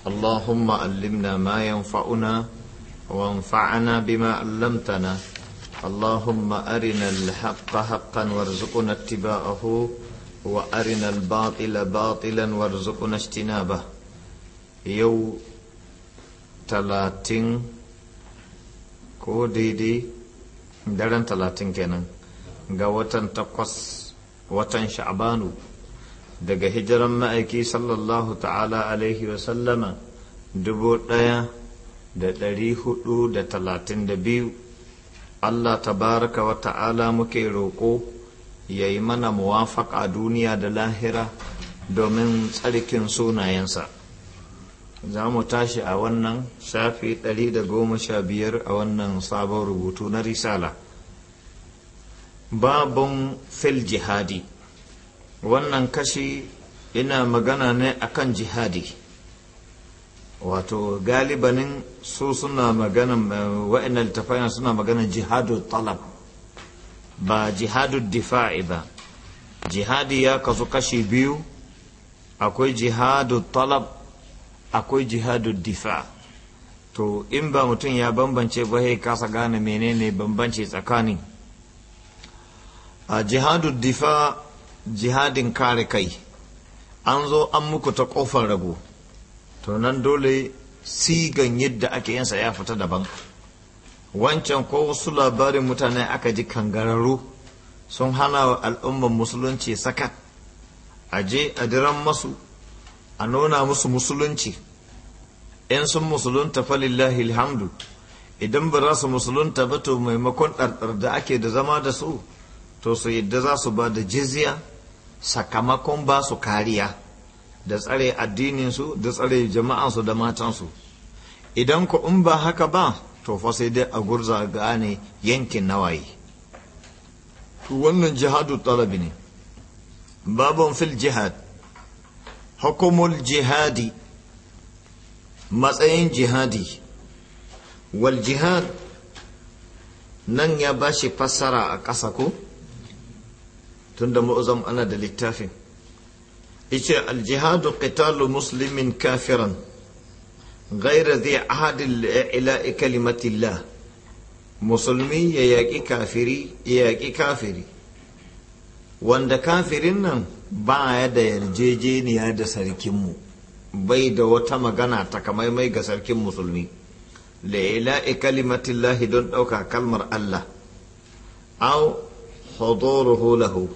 اللهم علمنا ما ينفعنا وانفعنا بما علمتنا اللهم أرنا الحق حقا وارزقنا اتباعه وأرنا الباطل باطلا وارزقنا اجتنابه يو تلاتين ko daidai daren talatin kenan ga watan takwas watan sha'banu daga hijiran ma'aiki sallallahu ta'ala alaihi sallama dubu ɗaya da ɗari hudu da talatin da biyu allah tabaraka wa ta'ala muke roƙo ya yi mana muwafaƙa duniya da lahira domin tsarkin sunayensa za mu tashi a wannan shafi ɗari da goma sha biyar a wannan sabon rubutu na risala babun fil jihadi wannan kashi ina magana ne akan jihadi wato galibanin su suna magana wa'ina littafai suna magana jihadu talab ba jihadu difa'i ba jihadi ya kasu kashi biyu akwai jihadu talab akwai jihadu difa to in ba mutum ya bambance ba ya kasa gane menene bambance tsakanin a jihadu difa' jihadin kare kai an zo an muku ta kofar rago to nan dole sigan yadda ake yinsa ya fita daban wancan ko wasu labarin mutane aka ji kangararru sun hana wa al'ummar musulunci sakat a je a diran masu a nuna musu musulunci in sun musulunta falillahi alhamdu idan ba za su musulunta ba to maimakon ɗarɗar da ake da zama da su to su yadda za su ba da jizya sakamakon ba su kariya da tsare addininsu da tsare jama'ansu da matansu idan ku in ba haka ba to fa sai dai a gurza gane yankin nawaye to wannan jihadu talabi ne babun fil jihad hukumul jihadi matsayin jihadi wal jihad nan ya bashi fassara a ƙasa ko? tunda mu'azam ana da littafin ice aljihadu qitalu muslimin kafiran gaira zai ahadin ila kalimatillah musulmi ya yaƙi kafiri ya yaƙi kafiri wanda kafirin nan ba ya da yarjejeniya da sarkinmu bai da wata magana takamaimai ga sarkin musulmi lailai kalimatillahi don ɗauka kalmar Allah au huduruhu lahu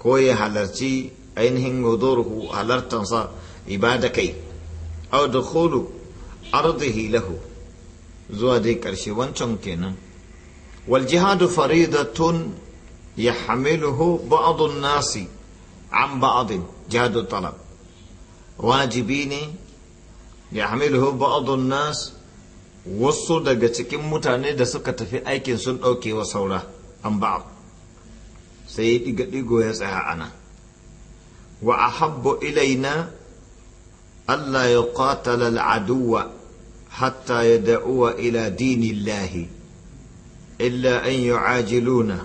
ko ya halarci ainihin hudurhu halartansa ibada kai da dukhulu ardihi lahu zuwa dai karshe wancan kenan wal jihadu faridatun yahmiluhu ba'd an-nasi an ba'adin jihadu talab wajibi ne yahmiluhu ba'd an-nas wasu daga cikin mutane da suka tafi aikin sun ɗauke wa saura an ba'd sai digo ya tsaya ana wa habbo ilaina Allah ya qatala al'aduwa hatta ya da'uwa ila dinillahi illa an yu'ajiluna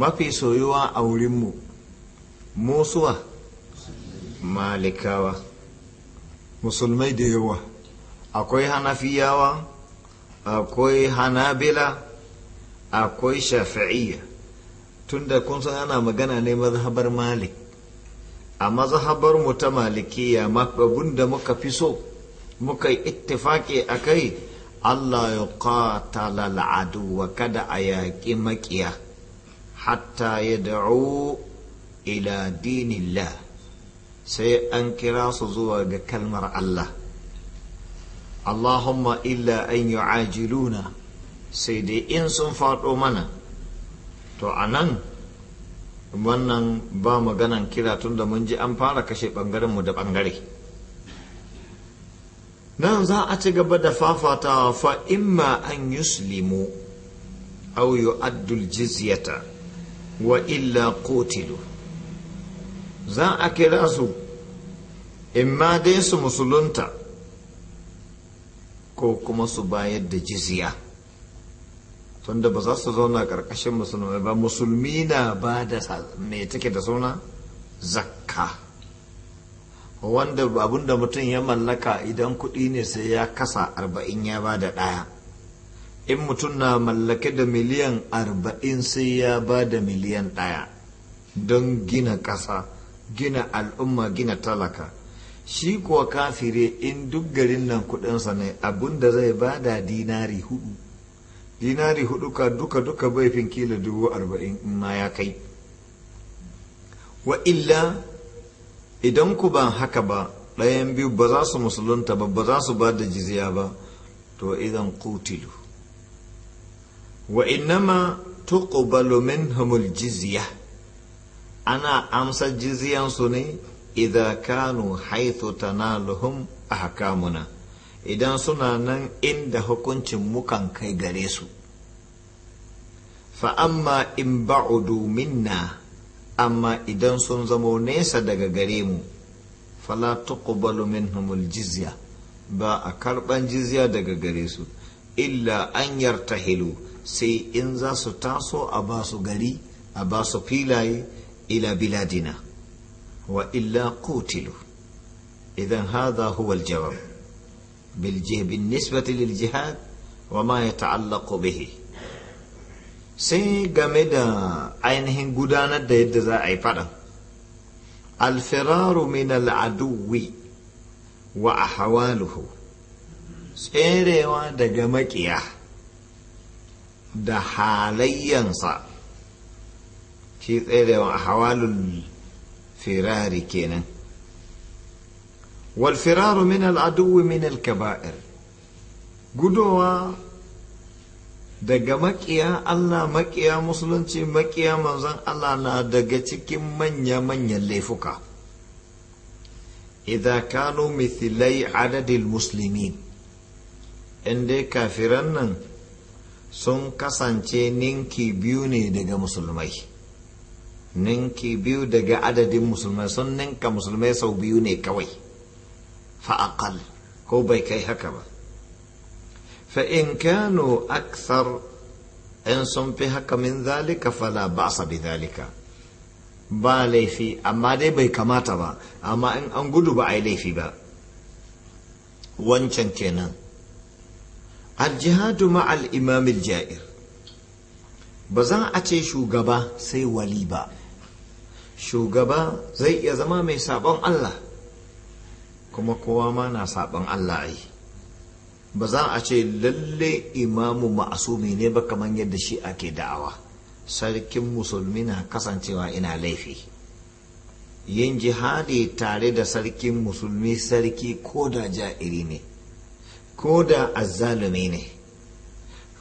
mafi soyuwa a wurinmu musuwa malikawa musulmai da yawa akwai hanafiyawa akwai hanabila akwai shafi'iyya tunda kun san ana magana ne mazhabar malik a mazhabar mu ta malikiya abin da muka fi so muka yi ittifaki a kai allah ya qatala al'adu wa kada a yaƙi maƙiya hatta ya da'u ila dinillah sai an kira su zuwa ga kalmar allah allahumma illa an yu'ajiluna sai dai in sun faɗo mana to a nan wannan ba maganan kira tun da mun ji an fara kashe mu da bangare. nan za a ci gaba da fafatawa fa imma an yuslimu au yu'addul jizyata wa illa kotilu za a kira su imma dai su musulunta ko kuma su bayar da jizya tunda ba za su zauna karkashin musulmai ba musulmi na ba da mai take da suna zakka wanda da mutum ya mallaka idan kuɗi ne sai ya kasa arba'in ya ba da ɗaya in mutum na mallake da miliyan arba'in sai ya ba da miliyan ɗaya don gina ƙasa gina al'umma gina talaka shi kuwa kafire in duk garin nan kuɗinsa ne da zai ba da dinari hudu dinari hudu ka duka duka bai fin kila dubu arba'in in ma ya kai wa illa idan ku ba haka ba ɗayan biyu ba za su musulunta ba ba za su ba da jizya ba to idan kutilu wa innama tuqbalu minhumul jizya ana amsa jiziyansu ne idan kanu lahum a hakamuna. idan suna nan inda hukuncin mukan kai gare su fa'amma in ba'udu minna amma idan sun zamo nesa daga gare mu fala tuqbalu minhumul jizya ba a karban jizya daga gare su illa an yartahilu sai in za su taso a ba su gari a ba su filaye ila biladina wa illa kutilu idan hadha huwa aljawab بالنسبة للجهاد وما يتعلق به sai game da ainihin gudanar da yadda za a yi faɗan alfiraru min al'aduwi wa ahwaluhu tserewa daga maƙiya da halayyansa shi tserewa a hawalul firari kenan والفرار من العدو من الكبائر قدوة daga makiya Allah makiya musulunci makiya manzon Allah na daga cikin manya-manyan laifuka idza kanu mithlai adadil muslimin inda kafiran nan sun kasance ninki biyu ne daga musulmai ninki biyu daga adadin musulmai sun ninka musulmai sau biyu ne kawai ko فأقل kai بيكي هكذا فإن كانوا أكثر إن صنفهك من ذلك فلا بأس بذلك ba laifi amma dai bai kamata ba amma in an gudu ba a yi laifi ba wancan kenan aljihadu ma'al imamil ja'ir ba za a ce shugaba sai wali ba shugaba zai iya zama mai sabon allah kuma kowa ma na saɓan Allah yi ba za a ce lalle imamu ma'asumi ne ba kamar yadda shi ake da'awa sarkin musulmi na kasancewa ina laifi yin jihadi tare da sarkin musulmi sarki ko da ja'iri ne ko da azzalumi ne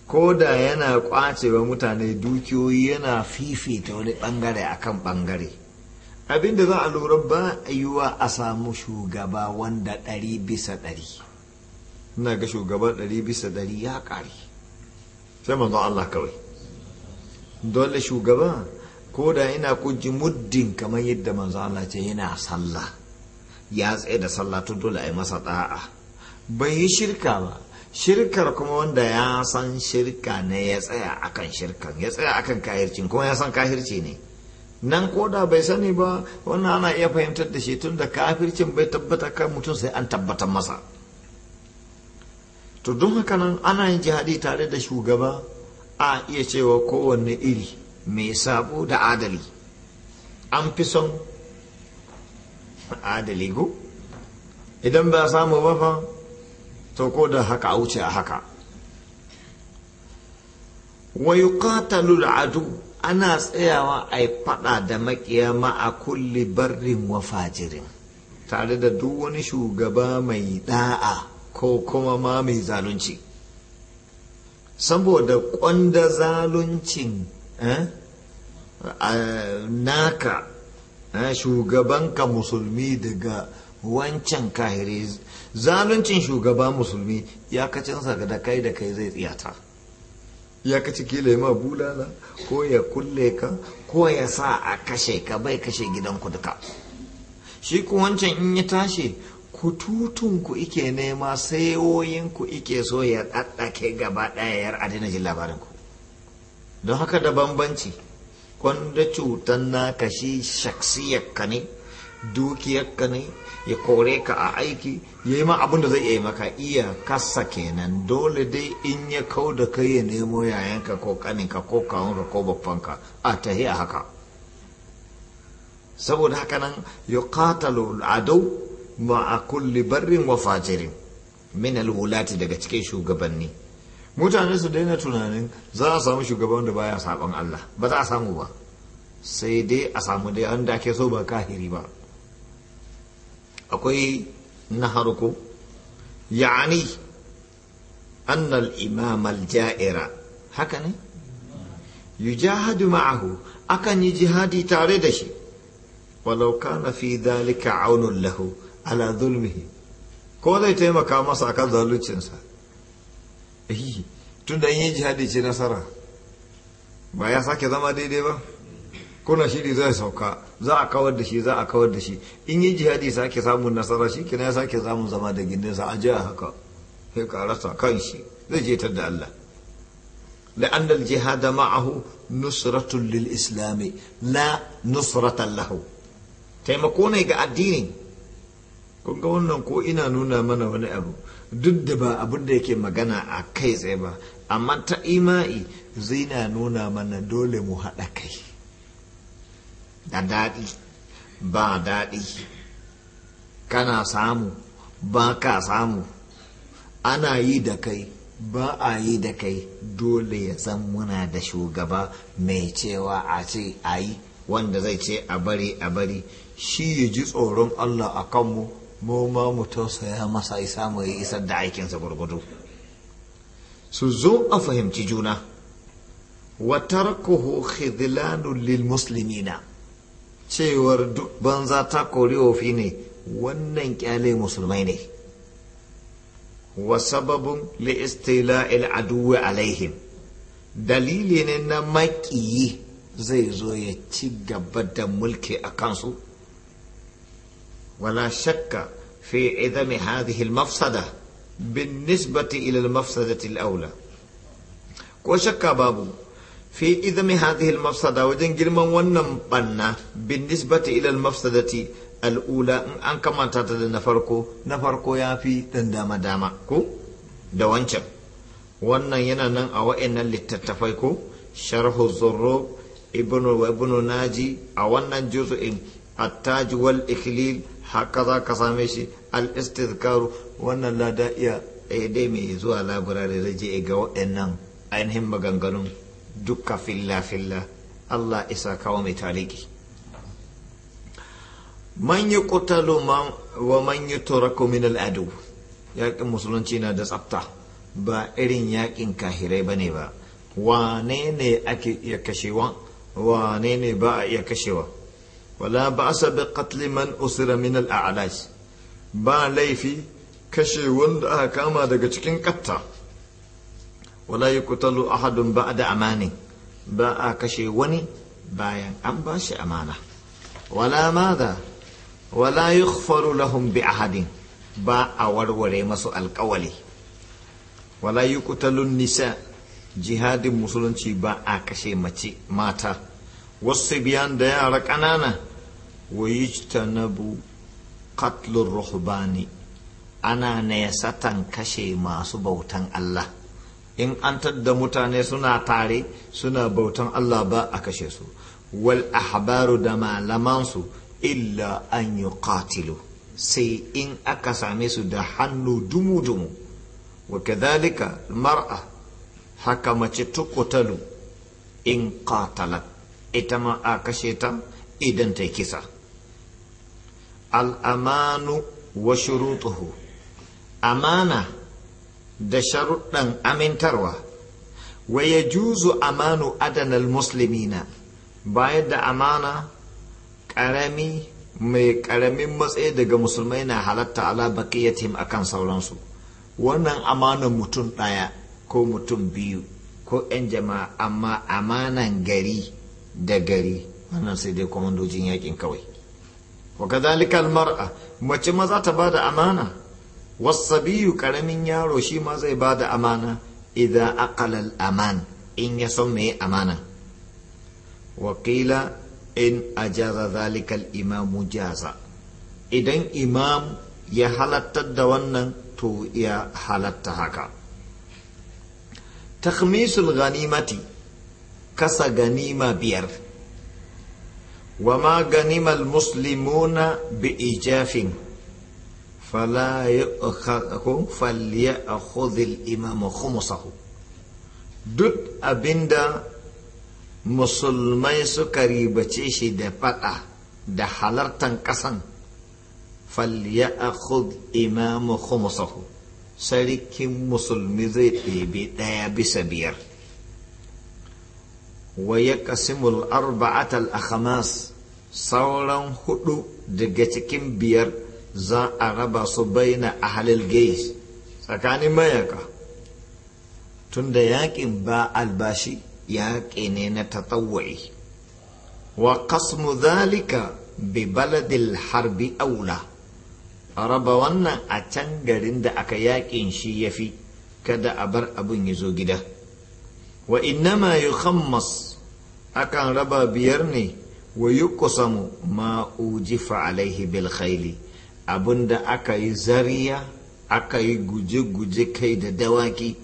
ko da yana kwacewa mutane dukiyoyi yana fifita wani bangare akan bangare abinda za a lura ba a wa a samu shugaba wanda ɗari bisa ɗari ina ga shugaban ɗari bisa ɗari ya ƙare sai manzo Allah kawai dole shugaba ko da ina kuji muddin kamar yadda manzon Allah ce yana sallah ya tsaye da sallah to dole a yi masa ɗa'a bai yi shirka ba shirkar kuma wanda ya san shirka ne ya tsaya akan shirkan ya tsaya akan kahirci kuma ya san kahirci ne nan koda bai sani ba wannan ana iya fahimtar da shi tun da kafircin bai tabbata kan mutum sai an tabbatar masa to don haka nan ana yin jihadi tare da shugaba a iya cewa kowanne iri mai sabo da adali an fi son adali go idan ba samu ba fa to ko da haka a wuce a haka wa da adu ana tsayawa a yi faɗa da makiyama a kulle barrin wa fajirin tare da duk wani shugaba mai da'a ko kuma ma mai zalunci saboda ƙwanda zaluncin eh, naka eh, shugabanka musulmi daga wancan kahiri zaluncin shugaba musulmi ya kacinsa da kai da kai zai tsiyata ya kaci kila ya ma bulala ko ya kulle ka ko ya sa a kashe ka bai kashe gidanku duka shi ku wancan in ya tashi kututunku ike nema sayoyinku ike so ya ɗaɗɗake gaba ɗaya yar a jin labarinku don haka da bambanci wanda cutan na shi shaksiyar ka ne dukiyarka ne ya kore ka a aiki ya yi ma abin da zai iya maka iya kasa kenan dole dai in ya kau da kai ya nemo yayanka ko kaninka ko ka ko ka a tahi a haka saboda haka nan ya katalo adau ma a kulli barin wa fajirin min alwulati daga cikin shugabanni mutane su daina tunanin za a samu shugaban da baya saban Allah ba za a samu ba sai dai a samu dai an da ake so ba kahiri ba akwai na harko ya'ani annal imam al-ja'ira haka ne yujahadu ma'ahu akan yi jihadi tare da shi walau kana fi dhalika aunun lahu ala zulmihi ko zai taimaka masa kan zaluncinsa tun da yi jihadi ce nasara ba ya sake zama daidai ba Ko kuna shiri zai sauka za a kawar da shi za a kawar da shi in yi jihadi sake samun nasara shi kina ya sake samun zama da gindinsa a jiya haka sai karasa kan shi zai je da Allah ma'ahu الجهاد lil نصرة la لا lahu taimako ne ga addini kun ga wannan ko ina nuna mana wani abu duk da ba abin da yake magana a kai tsaye ba amma ta ima'i zai na nuna mana dole mu haɗa kai da daɗi ba daɗi kana samu ba ka samu ana yi da kai ba a yi da kai dole ya san muna da shugaba mai cewa a ce a yi wanda zai ce a bari a bari shi ya ji tsoron allah a kanmu mu ma mu tausaya masa isa mu yi isar da aikinsa gurgudu su zo a fahimci juna wa tarkuhu khidlanun lil muslimina cewar duk banza ta kori ofi ne wannan kyale musulmai ne wa sababin li'istila al'aduwa alaihim dalili ne na maƙiyi zai zo ya ci gaba da mulki a kansu wala shakka fi idami hadhihi mafsada bin nisbati ila mafsadati aula ko shakka babu fi idami hadhihi al-mafsada wajen girman wannan banna bin nisbati ila al-mafsadati in an kamanta ta da na farko na farko ya fi dan dama dama ko da wancan wannan yana nan a nan littattafai ko sharhu zurrub ibnu wa ibnu naji a wannan juz'in at-taj wal ikhlil haka za ka same shi al-istizkaru wannan lada iya ɗaya mai zuwa laburare zai je ga waɗannan ainihin maganganun dukka filla filla Allah isa kawo mai taliki man yi kutalu wa man turaku min al'adu yaƙin musulunci na da tsafta ba irin yaƙin kahirai ba ne ba wane ne ake iya kashewa wane ne ba a iya kashewa wala ba asa bi qatli man usira min al'alaj ba laifi kashe wanda aka kama daga cikin katta wala yuqtalu ahadun da amani ba a kashe wani bayan an ba shi amana wala madha wala yughfaru bi ahadin ba a warware masu alkawali wala yuqtalu nisa jihadin musulunci ba a kashe mace mata wasu biyan da yara ƙanana na yujtanabu qatlur ruhbani ana ne satan kashe masu bautan Allah in an tadda mutane suna tare suna bautan Allah ba a kashe su wal ahbaru da malamansu illa an yi katilu sai in aka same su da hannu dumu-dumu wa mar'a haka mace tukutalu in qatalat ita ma a kashe ta idan ta kisa al'amanu wa shurutuhu amana da sharuɗan amintarwa wa ya juzu amanu adanal muslimina bayan da amana ƙarami mai ƙaramin matsayi daga musulmai na halatta ala baƙiyatim akan sauransu wannan amanan mutum ɗaya ko mutum biyu ko 'yan jama'a amma amanan gari da gari wannan sai dai kwamandojin yakin kawai wa kazalika mar'a mace maza za ta da amana wasabiyu karamin yaro shi ma zai ba da amana idan aqalal aman in ya san me amana wakila in ajaza zalikal imamu jaza idan imam ya halattar da wannan to ya halatta haka takhmisul ganimati kasa ganima biyar wama ganimal muslimuna bi ijafin فلا duk abinda musulmai suka ribace shi da fada da halartan kasan falyakhud imamu khumsahu sarkin musulmi zai ɗebe ɗaya bisa biyar waya ya kasimul arba'atal akhamas sauran hudu daga cikin biyar za a raba su baina ahalil gais tsakanin mayaka tunda yakin ba albashi yaƙi ne na tatawai wa kasmu zalika bi baladil harbi aula a raba wannan a can garin da aka yaƙin shi ya fi kada a bar abin ya zo gida wa innama yukhammas akan raba biyar ne wa yuqsamu ma ujifa alaihi bil abinda aka yi zariya aka yi guje-guje kai da dawaki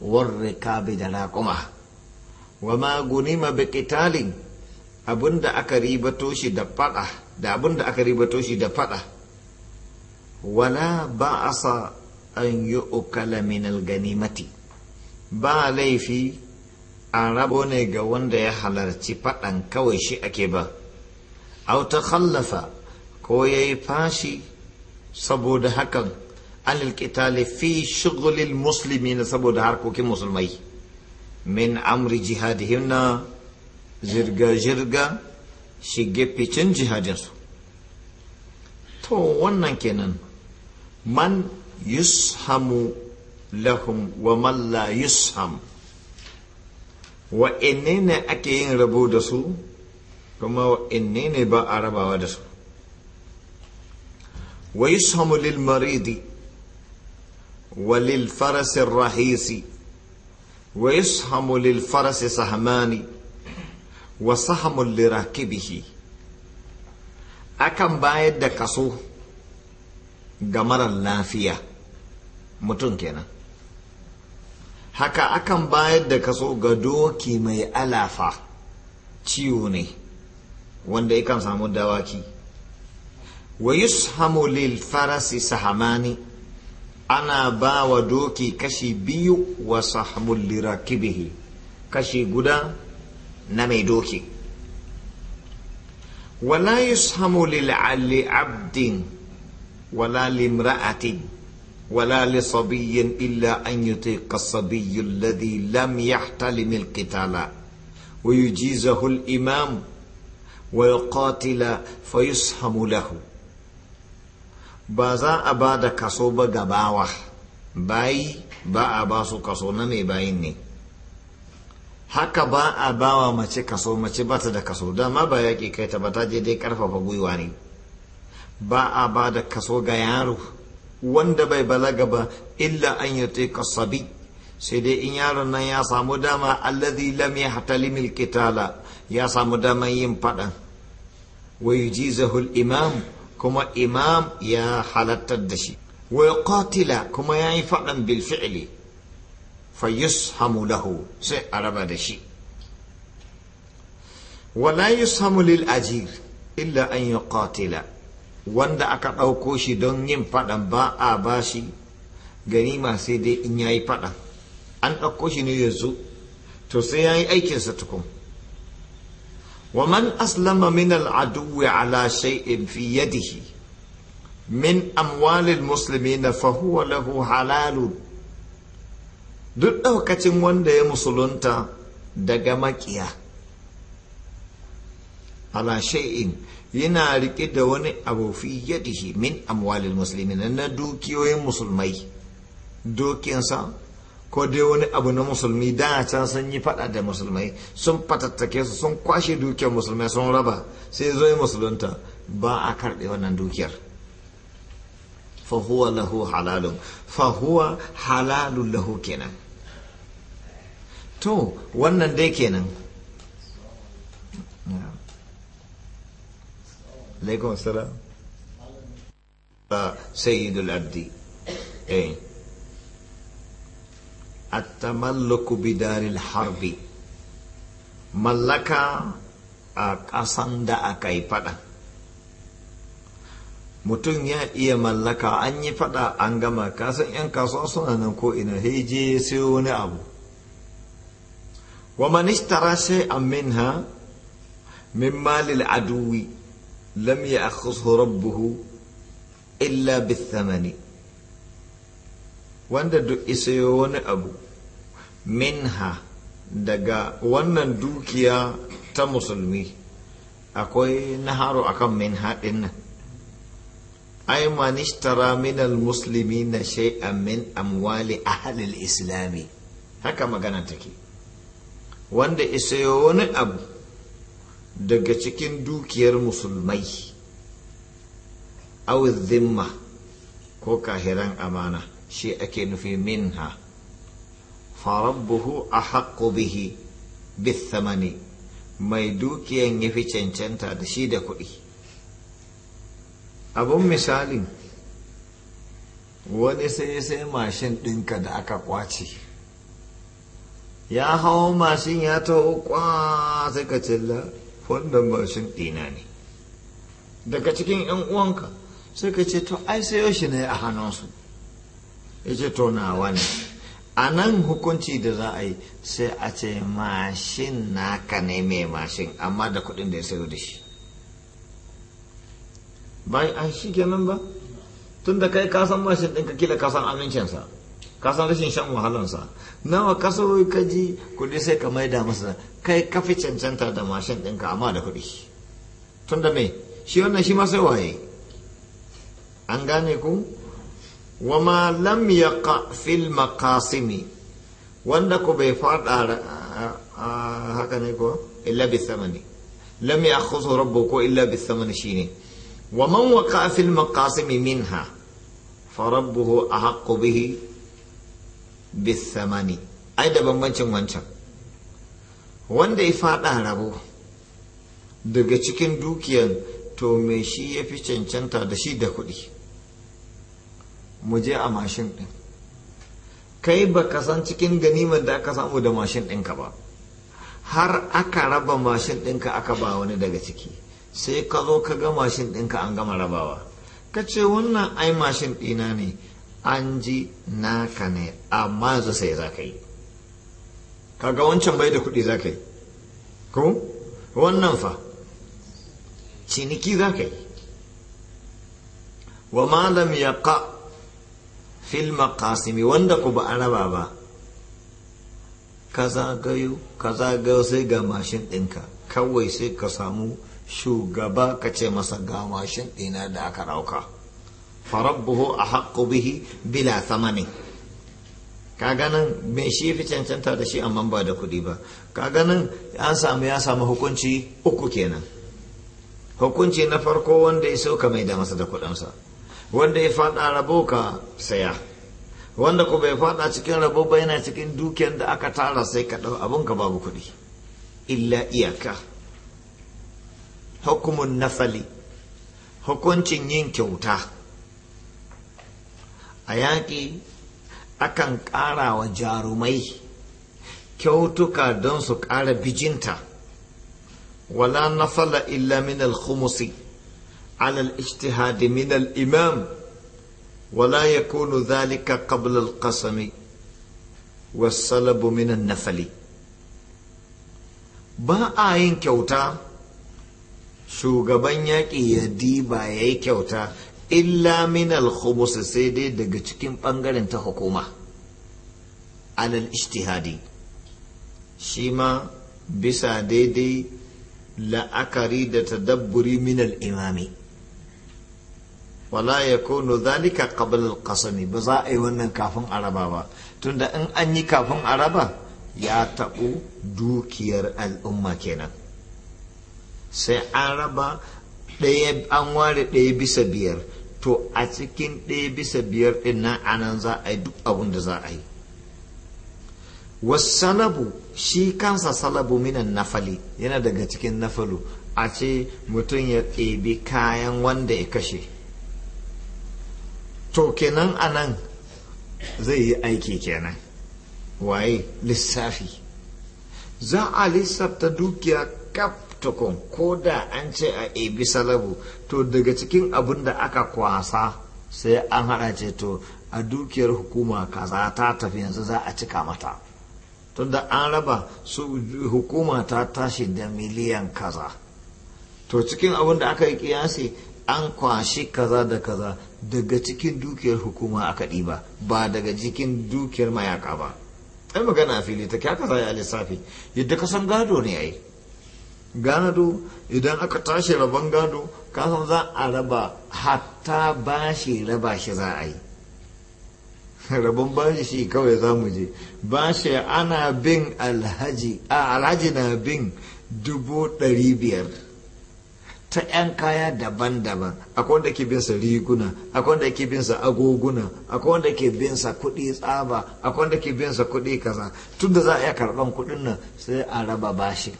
warre ka bi da raƙuma wa ma gunima bi qitalin abinda aka ribato shi da faɗa da abinda aka ribato shi da faɗa. wala ba a sa an yi ukala min ganimati ba laifi a rabo ne ga wanda ya halarci faɗan kawai shi ake ba Auta khallafa ko ya yi fashi saboda hakan alal qitali fi shughulil muslimin saboda harkokin musulmai min amri jihadihim na zirga-zirga shige ficin jihadinsu to wannan kenan man yushamu lahum wa man la yusham wa ne ake yin rabo da su kuma wa ne ba a rabawa da su ويسهم للمريض وللفرس الرهيس ويسهم للفرس سهمان وسهم لراكبه akan bayar da kaso ga marar lafiya mutum kenan haka akan bayar da kaso ga doki mai alafa ciwo ne wanda yakan samu dawaki ويسهم للفرس سهمان أنا با ودوكي كشي بيو وسهم لراكبه كشي قدا نمي دوكي ولا يسهم عبد ولا لامرأة ولا لصبي إلا أن يطيق الصبي الذي لم يحتلم القتال ويجيزه الإمام ويقاتل فيسهم له ba za a ba da kaso ba gabawa bayi ba a ba su kaso na mai bayin ne haka ba a ba wa mace kaso mace bata da kaso dama ba yaƙi kai ta ba ta je dai ƙarfafa gwiwa ne ba a ba da kaso ga yaro wanda bai balaga ba illa an yi sabi sai dai in yaron nan ya samu dama allazi lam yahtalim alqitala ya samu dama yin faɗan. wa yujizahu al-imam kuma imam ya halattar da shi wa qatila kuma ya yi faɗan bil fi'li fa yushamu lahu sai a raba da shi wa la yushamu lil ajir illa an yuqatila wanda aka ɗauko shi don yin faɗan ba a ba shi ganima sai dai in ya yi faɗan an ɗauko shi ne yanzu to sai ya yi aikinsa tukun ومن أسلم من العدو على شيء في يده من أموال المسلمين فهو له حلال duk ɗaukacin wanda ya musulunta daga makiya ala shay'in yana riƙe da wani abu fi yadihi min amwalil muslimin na dukiyoyin musulmai dokinsa ko dai wani abu na musulmi da can sun yi fada da musulmai sun fatattake su sun kwashe dukiyar musulmai sun raba sai zo yi musulunta ba a karɓe wannan dukiyar fahuwa lahu halalun fahuwa halalun lahu kenan to wannan dai kenan alaikum salam sayyidul abdi eh. التملك bidaril harbi mallaka a ƙasan da aka yi faɗa mutum ya iya mallaka an yi faɗa an gama kasan 'yan kasuwa suna nan ko ina heje sai wani abu wa manistara sai amin ha min malil aduwi lam ya rabbuhu illa bithamani wanda duk yi wani abu minha daga wannan dukiya ta musulmi akwai naharu akan minha haɗin nan ai man ishtara min almuslimina shay'an min amwali halin islami haka magana take wanda isayo wani abu daga cikin dukiyar musulmai aw zimma ko kahiran amana shi ake nufi minha farabbuhu haƙƙo bihi bithamani mai dukiyan ya fi cancanta da shi da kuɗi Abin misalin wani sai sai mashin ɗinka da aka kwace ya hawo mashin ya taho kwa sai ka cilla wannan mashin ɗina ne daga cikin 'yan uwanka sai ka ce to ai sayo shi ne a hannunsu ya ce tonawa ne a nan hukunci da za a yi sai a ce mashin naka ne mai mashin amma da kudin da ya sayo da shi bai a shi kenan ba tun da kai kasan mashin ka kila kasan amincinsa kasan rashin shan wahalansa nawa kasarori ka ji kuɗi sai ka maida masa kai ka cancanta da mashin ɗinka amma da kuɗi tun da me shi wannan shi ma sai waye an gane ku wama lam yaqa fil maqasimi wanda ko bai fada haka ne ko illa bi thamani lam ya'khudhu rabbu ko illa bi thamani shine wa man waqa fil maqasimi minha fa rabbuhu ahaqqu bihi bi thamani ai da bambancin wancan wanda ya fada rabo daga cikin dukiyan to me shi ya fi cancanta da shi da kuɗi mu je a mashin ɗin kai ba ka san cikin ganimar da aka samu da mashin ɗinka ba har aka raba mashin ɗinka aka ba wani daga ciki sai ka zo ka ga mashin ɗinka an gama rabawa ka ce wannan ai mashin ɗina ne an ji naka ne amma yanzu sai za ka yi kaga wancan bai da kuɗi za ka yi ko wannan fa ciniki za ka yi wa malam ya ka fil maqasimi wanda ku ba a raba ba ka gayu ka sai ga mashin ɗinka kawai sai ka samu shugaba ka ce masa ga mashin ɗina da aka rauka. ɗauka farabbuhu a haƙƙo bihi bila samani ka ganin mai shi fi cancanta da shi amma ba da kuɗi ba ka ganin an samu ya samu hukunci uku kenan hukunci na farko wanda ya sauka mai da masa da kuɗinsa wanda ya fada rabo ka saya wanda ko bai fada cikin rabo ba yana cikin dukiyar da aka tara sai ka dau abun ka babu kuɗi illa iyaka hukumun nafali hukuncin yin kyauta a yaƙi akan ƙara wa jarumai kyautuka don su ƙara bijinta wala nafala illa min al-khumusi على الاجتهاد من الامام ولا يكون ذلك قبل القسم والصلب من النفل با آيين كيوتا شو يدي با يدي كيوتا إلا من الخمس سيدي دقى تكين بانغر انت حكومة على الاجتهاد شيما بسا ديدي لا أكاري تدبري من الإمامي wala ya kono zalika qabla al ba za a yi wannan kafin araba ba tunda in an yi kafin araba ya taɓo dukiyar al'umma kenan sai an raba ɗaya an ware ɗaya bisa biyar to a cikin ɗaya bisa biyar ɗin nan anan za a yi duk abin da za a yi wasalabu shi kansa salabu minan nafali yana daga cikin nafalu a ce mutum ya ɗebi kayan wanda ya kashe to kenan anan zai yi aiki kenan waye lissafi za a lissafta dukiya kaf tukun ko da an ce a ebi salabu to daga cikin abin da aka kwasa sai an hada ce to a dukiyar hukuma kaza ta tafi yanzu za a cika mata tunda an raba su hukuma ta tashi da miliyan kaza to cikin abin da aka yi kiyasi an kwashi kaza da kaza daga cikin dukiyar hukuma a ɗiba ba daga cikin dukiyar mayaka ba ai magana a fili ta kya kaza a lissafi yadda ka san gado ne ai gado idan aka tashi rabon gado kasan za a raba hatta ba shi raba shi za a yi rabon ba shi kawai za mu je Ba shi ana bin alhaji a alhaji na bin dubu ɗari biyar ta 'yan kaya daban-daban akwai wanda ke binsa riguna akwai wanda ke binsa agoguna akwai wanda ke binsa kuɗi tsaba akwai wanda ke binsa kuɗi kaza tunda za a iya karɓan kuɗin nan sai a raba bashi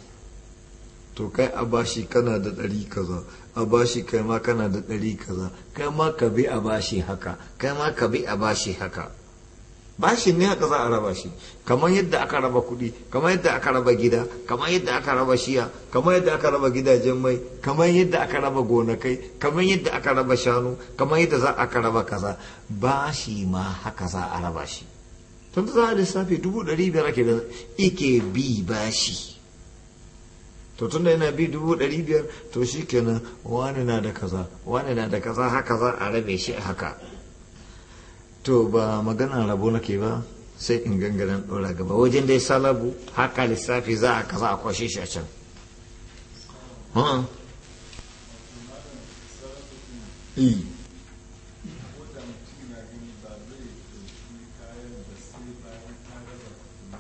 to kai a bashi kana da ɗari kaza a bashi kai ma kana da ɗari kaza kai ma ka bi a bashi haka kai ma ka bi a bashi haka bashin ne haka za a raba shi kamar yadda aka raba kuɗi kamar yadda aka raba gida kamar yadda aka raba shiya kamar yadda aka raba gidajen mai kamar yadda aka raba gonakai kamar yadda aka raba shanu kamar yadda za aka raba kaza bashi ma haka za a raba shi tun za a lissafi dubu ɗari biyar ake da ike bi bashi to tunda yana bi dubu ɗari biyar to shi kenan wani na da kaza wani na da kaza haka za a rabe shi haka to ba magana rabo nake ba sai in gangaren dora gaba wajen dai salabu haka lissafi za a kasa a kwashe shi a can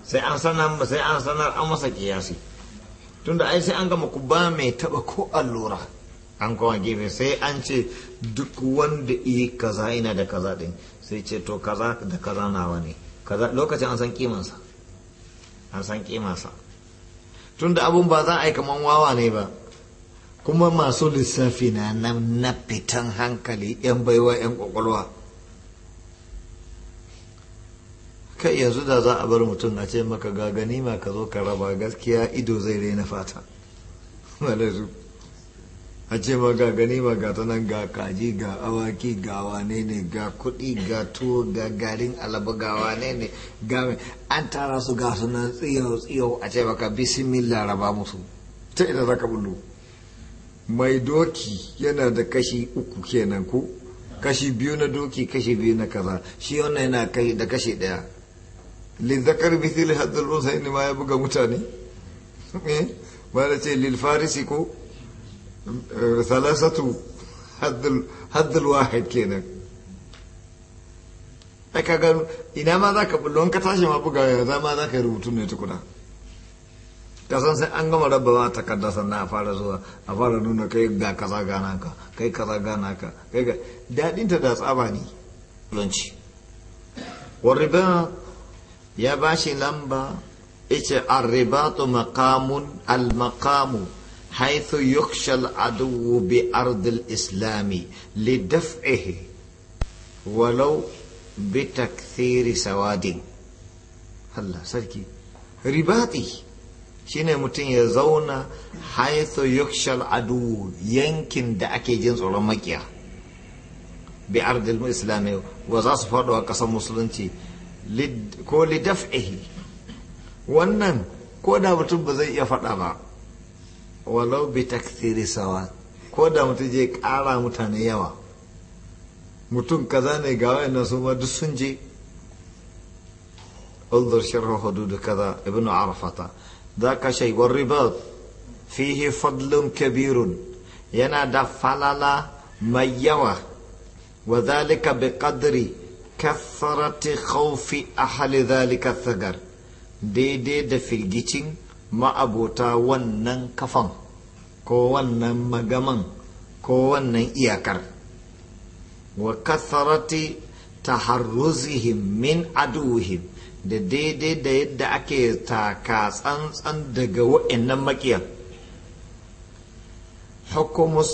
sai an sanar sai an sanar an masa kiyasi tunda ai sai an gama kuba mai taba ko allura an kowa gefe sai an ce duk wanda iya kaza ina da kaza din sai ce to kaza da kaza nawa ne kaza lokacin an san kimansa an san kimansa tunda abun ba za a yi kaman wawa ne ba kuma masu lissafi na na fitan hankali yan baiwa yan kwakwalwa kai yanzu da za a bar mutum na ce maka ga ganima ka zo ka raba gaskiya ido zai raina fata a ce ma ga gani ma ga ta nan ga kaji ga awaki ga wane ne ga kuɗi ga tuwo ga garin alaba ga wane ne ga an tara su ga su tsiyau tsiyau a ce maka bismillah raba musu ta ina za ka bullo mai doki yana da kashi uku kenan ko kashi biyu na doki kashi biyu na kaza shi wannan yana da kashi daya. lizakar bisil hadzal unsa ne ma ya buga mutane ba eh? da ce lil farisi ko ثلاثة حد حد الواحد كينا ai ka gano ina ma za ka bullo ka buga ya zama za ka yi rubutun ne tukuna ka san sai an gama rabawa takarda sannan a fara zuwa a fara nuna kai ga kaza gana ka kai kaza gana ka kai da tsaba ne lunci warriba ya bashi lamba ice arribatu maqamun al maqamu حيث يخشى العدو بأرض الإسلام لدفعه ولو بتكثير سواد هلا سركي رباطي shine mutum ya zauna haitho yukshal adu yankin da ake jin tsoron makiya bi ardil islami wa za su faɗo a ƙasar musulunci ko lidaf'ihi wannan ko da mutum ba zai iya faɗa ba walau bi takthiri sawa ko da mutum je mutane yawa mutum kaza ne ga wayannan su ma duk sun je ulzur sharhu hudud kaza ibnu arfata da ka shay war fihi fadlun kabirun yana da falala mai yawa wa zalika bi qadri kaffarati khawfi ahli zalika thagar daidai da firgicin ma'abota wannan kafan ko wannan magaman ko wannan iyakar wa kasarati taharruzihim min aduhim da daidai da yadda ake taka tsantsan daga wa'annan makiyan hukumus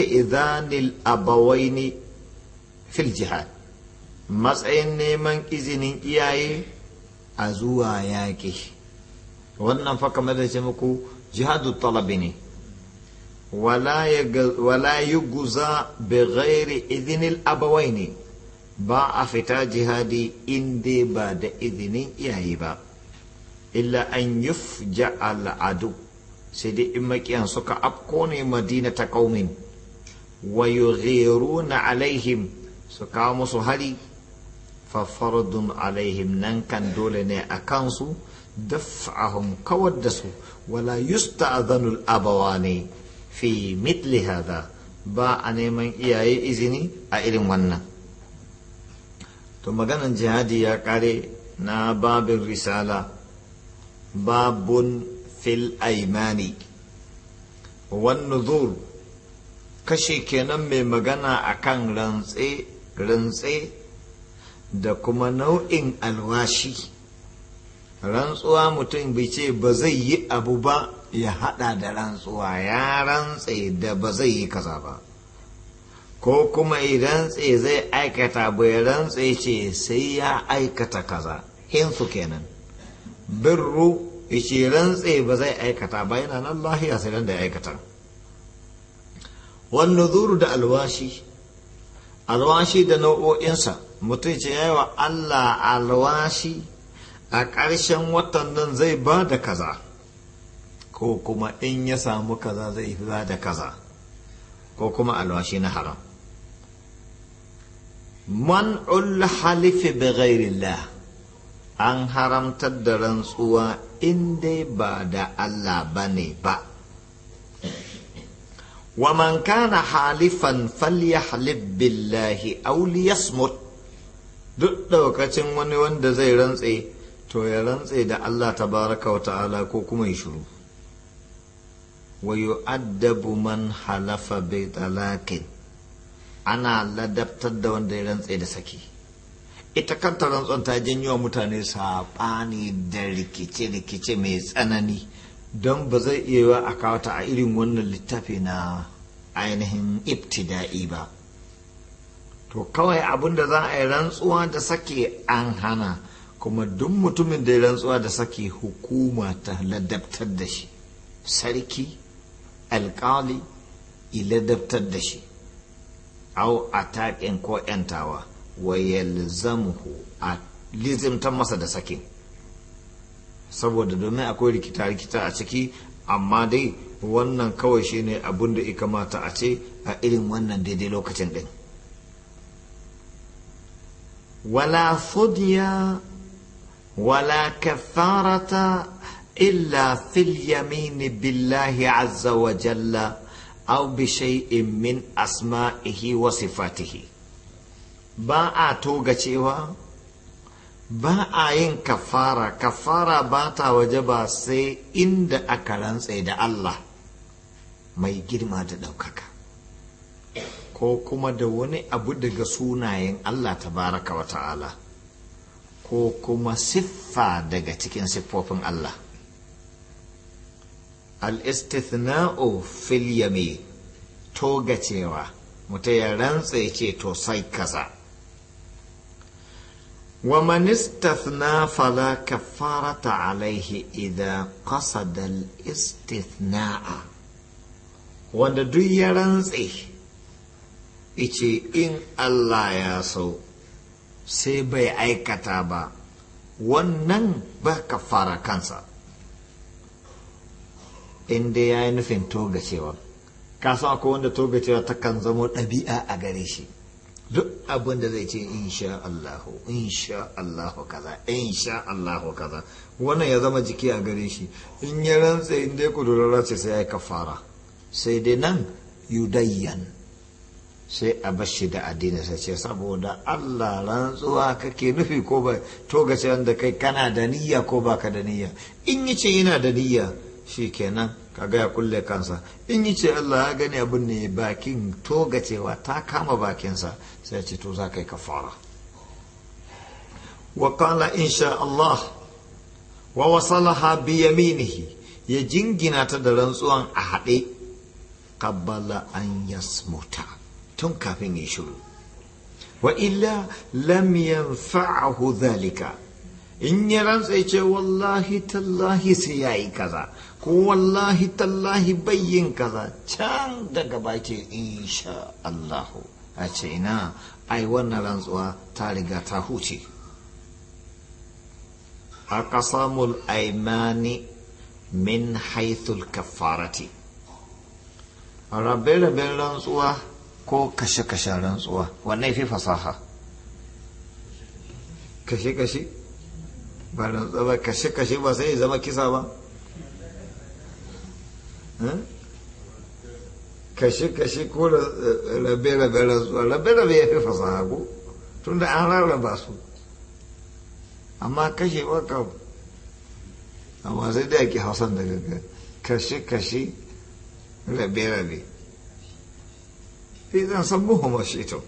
ti'izanil abawaini fil jihad matsayin neman izinin iyaye a zuwa yaƙi wannan fa kamar da ce muku jihadu talabi ne wala yi guza bai ghairi abawai ne ba a fita jihadi inda ba da izinin iyaye ba illa an yuf ja'al adu sai dai in makiyan suka afko ne madina ta kaumin wa na alaihim su kawo musu hari fafardun alaihim nan kan dole ne a kansu دفعهم كودسوا ولا يستأذن الأبوان في مثل هذا با أنا من إياي إذني أئلم ونا ثم كان جهادي يا قاري نا باب الرسالة باب في الأيمان والنذور kashe kenan mai magana a kan rantse da kuma nau'in alwashi rantsuwa mutum bai ce ba zai yi abu ba ya hada da rantsuwa ya rantse da ba zai yi kaza ba ko kuma idan tse zai aikata bai rantse ce sai ya aikata kaza su kenan birru ce rantse ba zai aikata ba yana nan lahiya sai da ya aikata wannan zuru da alwashi alwashi da nau'o'insa mutum ce wa allah alwashi a ƙarshen watan nan zai ba da kaza ko kuma in ya samu kaza zai ba da kaza ko kuma alwashi na haram man halifi bi an haramtar da rantsuwa in ba da Allah ba ne ba ومن كان halifan فليحلف billahi أو duk daukacin wani wanda zai rantse to ya rantse da Allah ta baraka wa ta'ala ko kuma yi shiru wa yu'addabu man halafa bi talaqin ana ladabtar da wanda ya rantse da saki ita kanta rantsuwan ta janyo wa mutane saɓani da rikice-rikice mai tsanani don ba zai iya yiwa a kawata a irin wannan littafi na ainihin ibtida'i ba to kawai abin da za a yi rantsuwa da sake an hana kuma duk mutumin da ya rantsuwa da saki hukuma ta ladabtar da shi sarki alkali iladabtar da shi au a taƙin ko ‘yantawa wa yalzamuhu a lizimtar masa da saki saboda domin akwai rikita-rikita a ciki amma dai wannan kawai ne abin da ya kamata a ce a irin wannan daidai lokacin din wala fudiya ولا كفارة إلا في اليمين بالله عز وجل أو بشيء من أسمائه وصفاته باء توغتشيوا باء ين كفارة كفارة باتا وجبا سي إند أكلان سيد الله ما يجير ما تدوكك ko kuma da wani abu daga sunayen Allah tabaraka wa ta'ala ko kuma siffa daga cikin siffofin Allah al-istithna'u fil yami togacewa mutum ya rantse ce to sai kaza wa man istathna fala kaffarata alaihi idza kasa da istithnaa wanda duk ya rantse ice in Allah ya so sai bai aikata ba wannan ba ka fara kansa inda ya yi nufin togacewa kasu akwai wanda togacewa ta kan zamo ɗabi'a a gare shi duk abin da zai ce insha Allahu insha Allahu kaza insha Allahu kaza wannan ya zama jiki a gare shi in ya rantse inda ya kudurar ce sai ya kafara sai dai nan yudayyan sai a bar shi da addini sai ce saboda Allah rantsuwa kake nufi ko ba to ga sai wanda kai kana da niyya ko baka ka da niyya in yi ce yana da niyya shi kenan ka ga ya kulle kansa in yi ce Allah ya gani abin ne bakin to ga cewa ta kama bakinsa sai ce to za ka kafara wa qala insha Allah wa wasalaha bi yaminihi ya jingina ta da rantsuwan a haɗe qabbala an yasmuta tun kafin ya shiru wa illa lam yanfa'ahu zalika in ya rantsa ce wallahi tallahi sai ya yi kaza ko wallahi tallahi bayyin kaza can daga baki insha Allahu a ce ina ai wannan rantsuwa ta riga ta huce a kasamul aimani min haithul kafarati rabe-raben rantsuwa ko kashe kashe rantsuwa wannan fi fasaha kashe-kashe ba rantsuwa ba kashe-kashe ba sai zama kisa ba hm? kashe-kashe ko rabe-rabe rantsuwa rabe-rabe ya fi fasaha ko tun da an rarraba su amma kashe ba kawo amma sai da ke hausan daga kashe-kashe rabe-rabe إذا سموهم وشئتم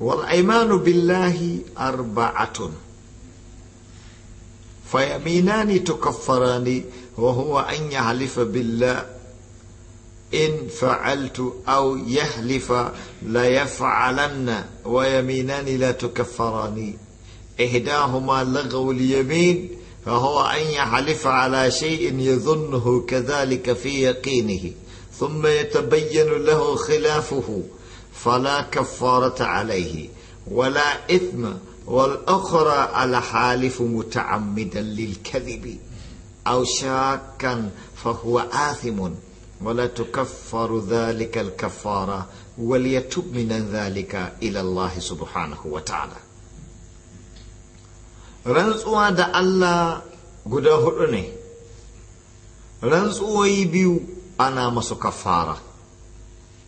والأيمان بالله أربعة فيمينان تكفران وهو أن يحلف بالله إن فعلت أو يحلف ليفعلن ويمينان لا تكفران إحداهما لغو اليمين فهو أن يحلف على شيء يظنه كذلك في يقينه ثم يتبين له خلافه فلا كفارة عليه ولا إثم والأخرى على حالف متعمدا للكذب أو شاكا فهو آثم ولا تكفر ذلك الكفارة وليتب من ذلك إلى الله سبحانه وتعالى rantsuwa da Allah guda hudu ne rantsuwoyi biyu ana masu kafara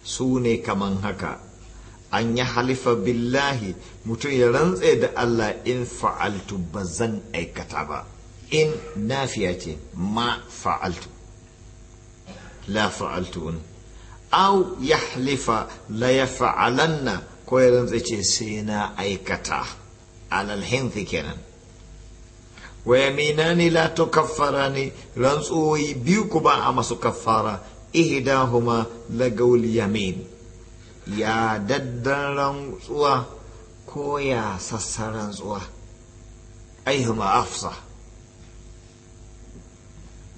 su ne kaman haka an yi halifa billahi mutum ya rantse da Allah in fa'altu ba zan aikata ba in nafiya ce ma fa'altu la fa'altu au ya halifa la ya fa'alanna ko ya rantse ce sai na aikata alal hinthi kenan wa yaminani la ni rantsuwoyi biyu ku ba a masu kaffara la gauli yamin ya daddan rantsuwa ko ya sassan rantsuwa aihuma afsa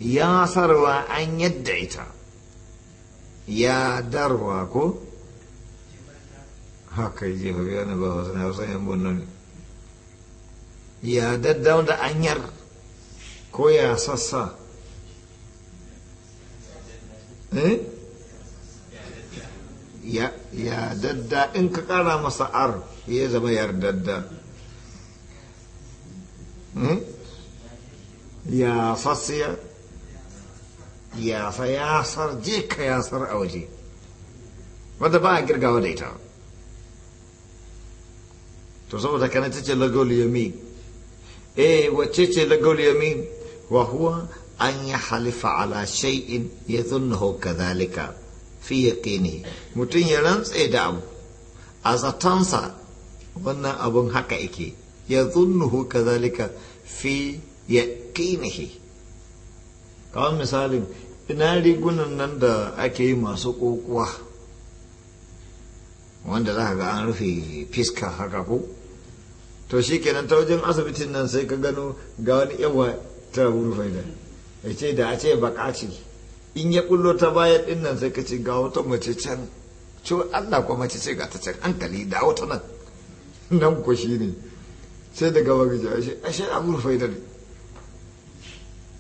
ya sarwa an yadda ita ya darwa ko haka yi jefa biyar na ba wasu na wasu yan bunan ya daddau da anyar ko ya sassa ya dadda in ka kara masa ar ya zama yardadda ya sassiya ya fa yasar je ka yasar a waje wadda ba a girgawa da ita to saboda kana ta ce lagol yomi eh wacce ce lagol yamin wa huwa an ya halifa ala shay'in ya zunnahu kadhalika fi yaqini mutum ya rantse da abu a zatansa wannan abun haka yake ya zunnuhu kadhalika fi yaqinihi kawai misalin ina rigunan nan da ake yi masu kokuwa wanda za ka ga an rufe fiska haka ko to shi kenan ta wajen asibitin nan sai ka gano ga wani yawa ta wuri faida ya ce da a ce baka ce in ya kullo ta bayan din nan sai ka ce ga wata mace can ciwo allah ko mace ce ga ta can an kali da wata nan nan ko shi ne sai da wani ga jashi a shi a wuri faida ne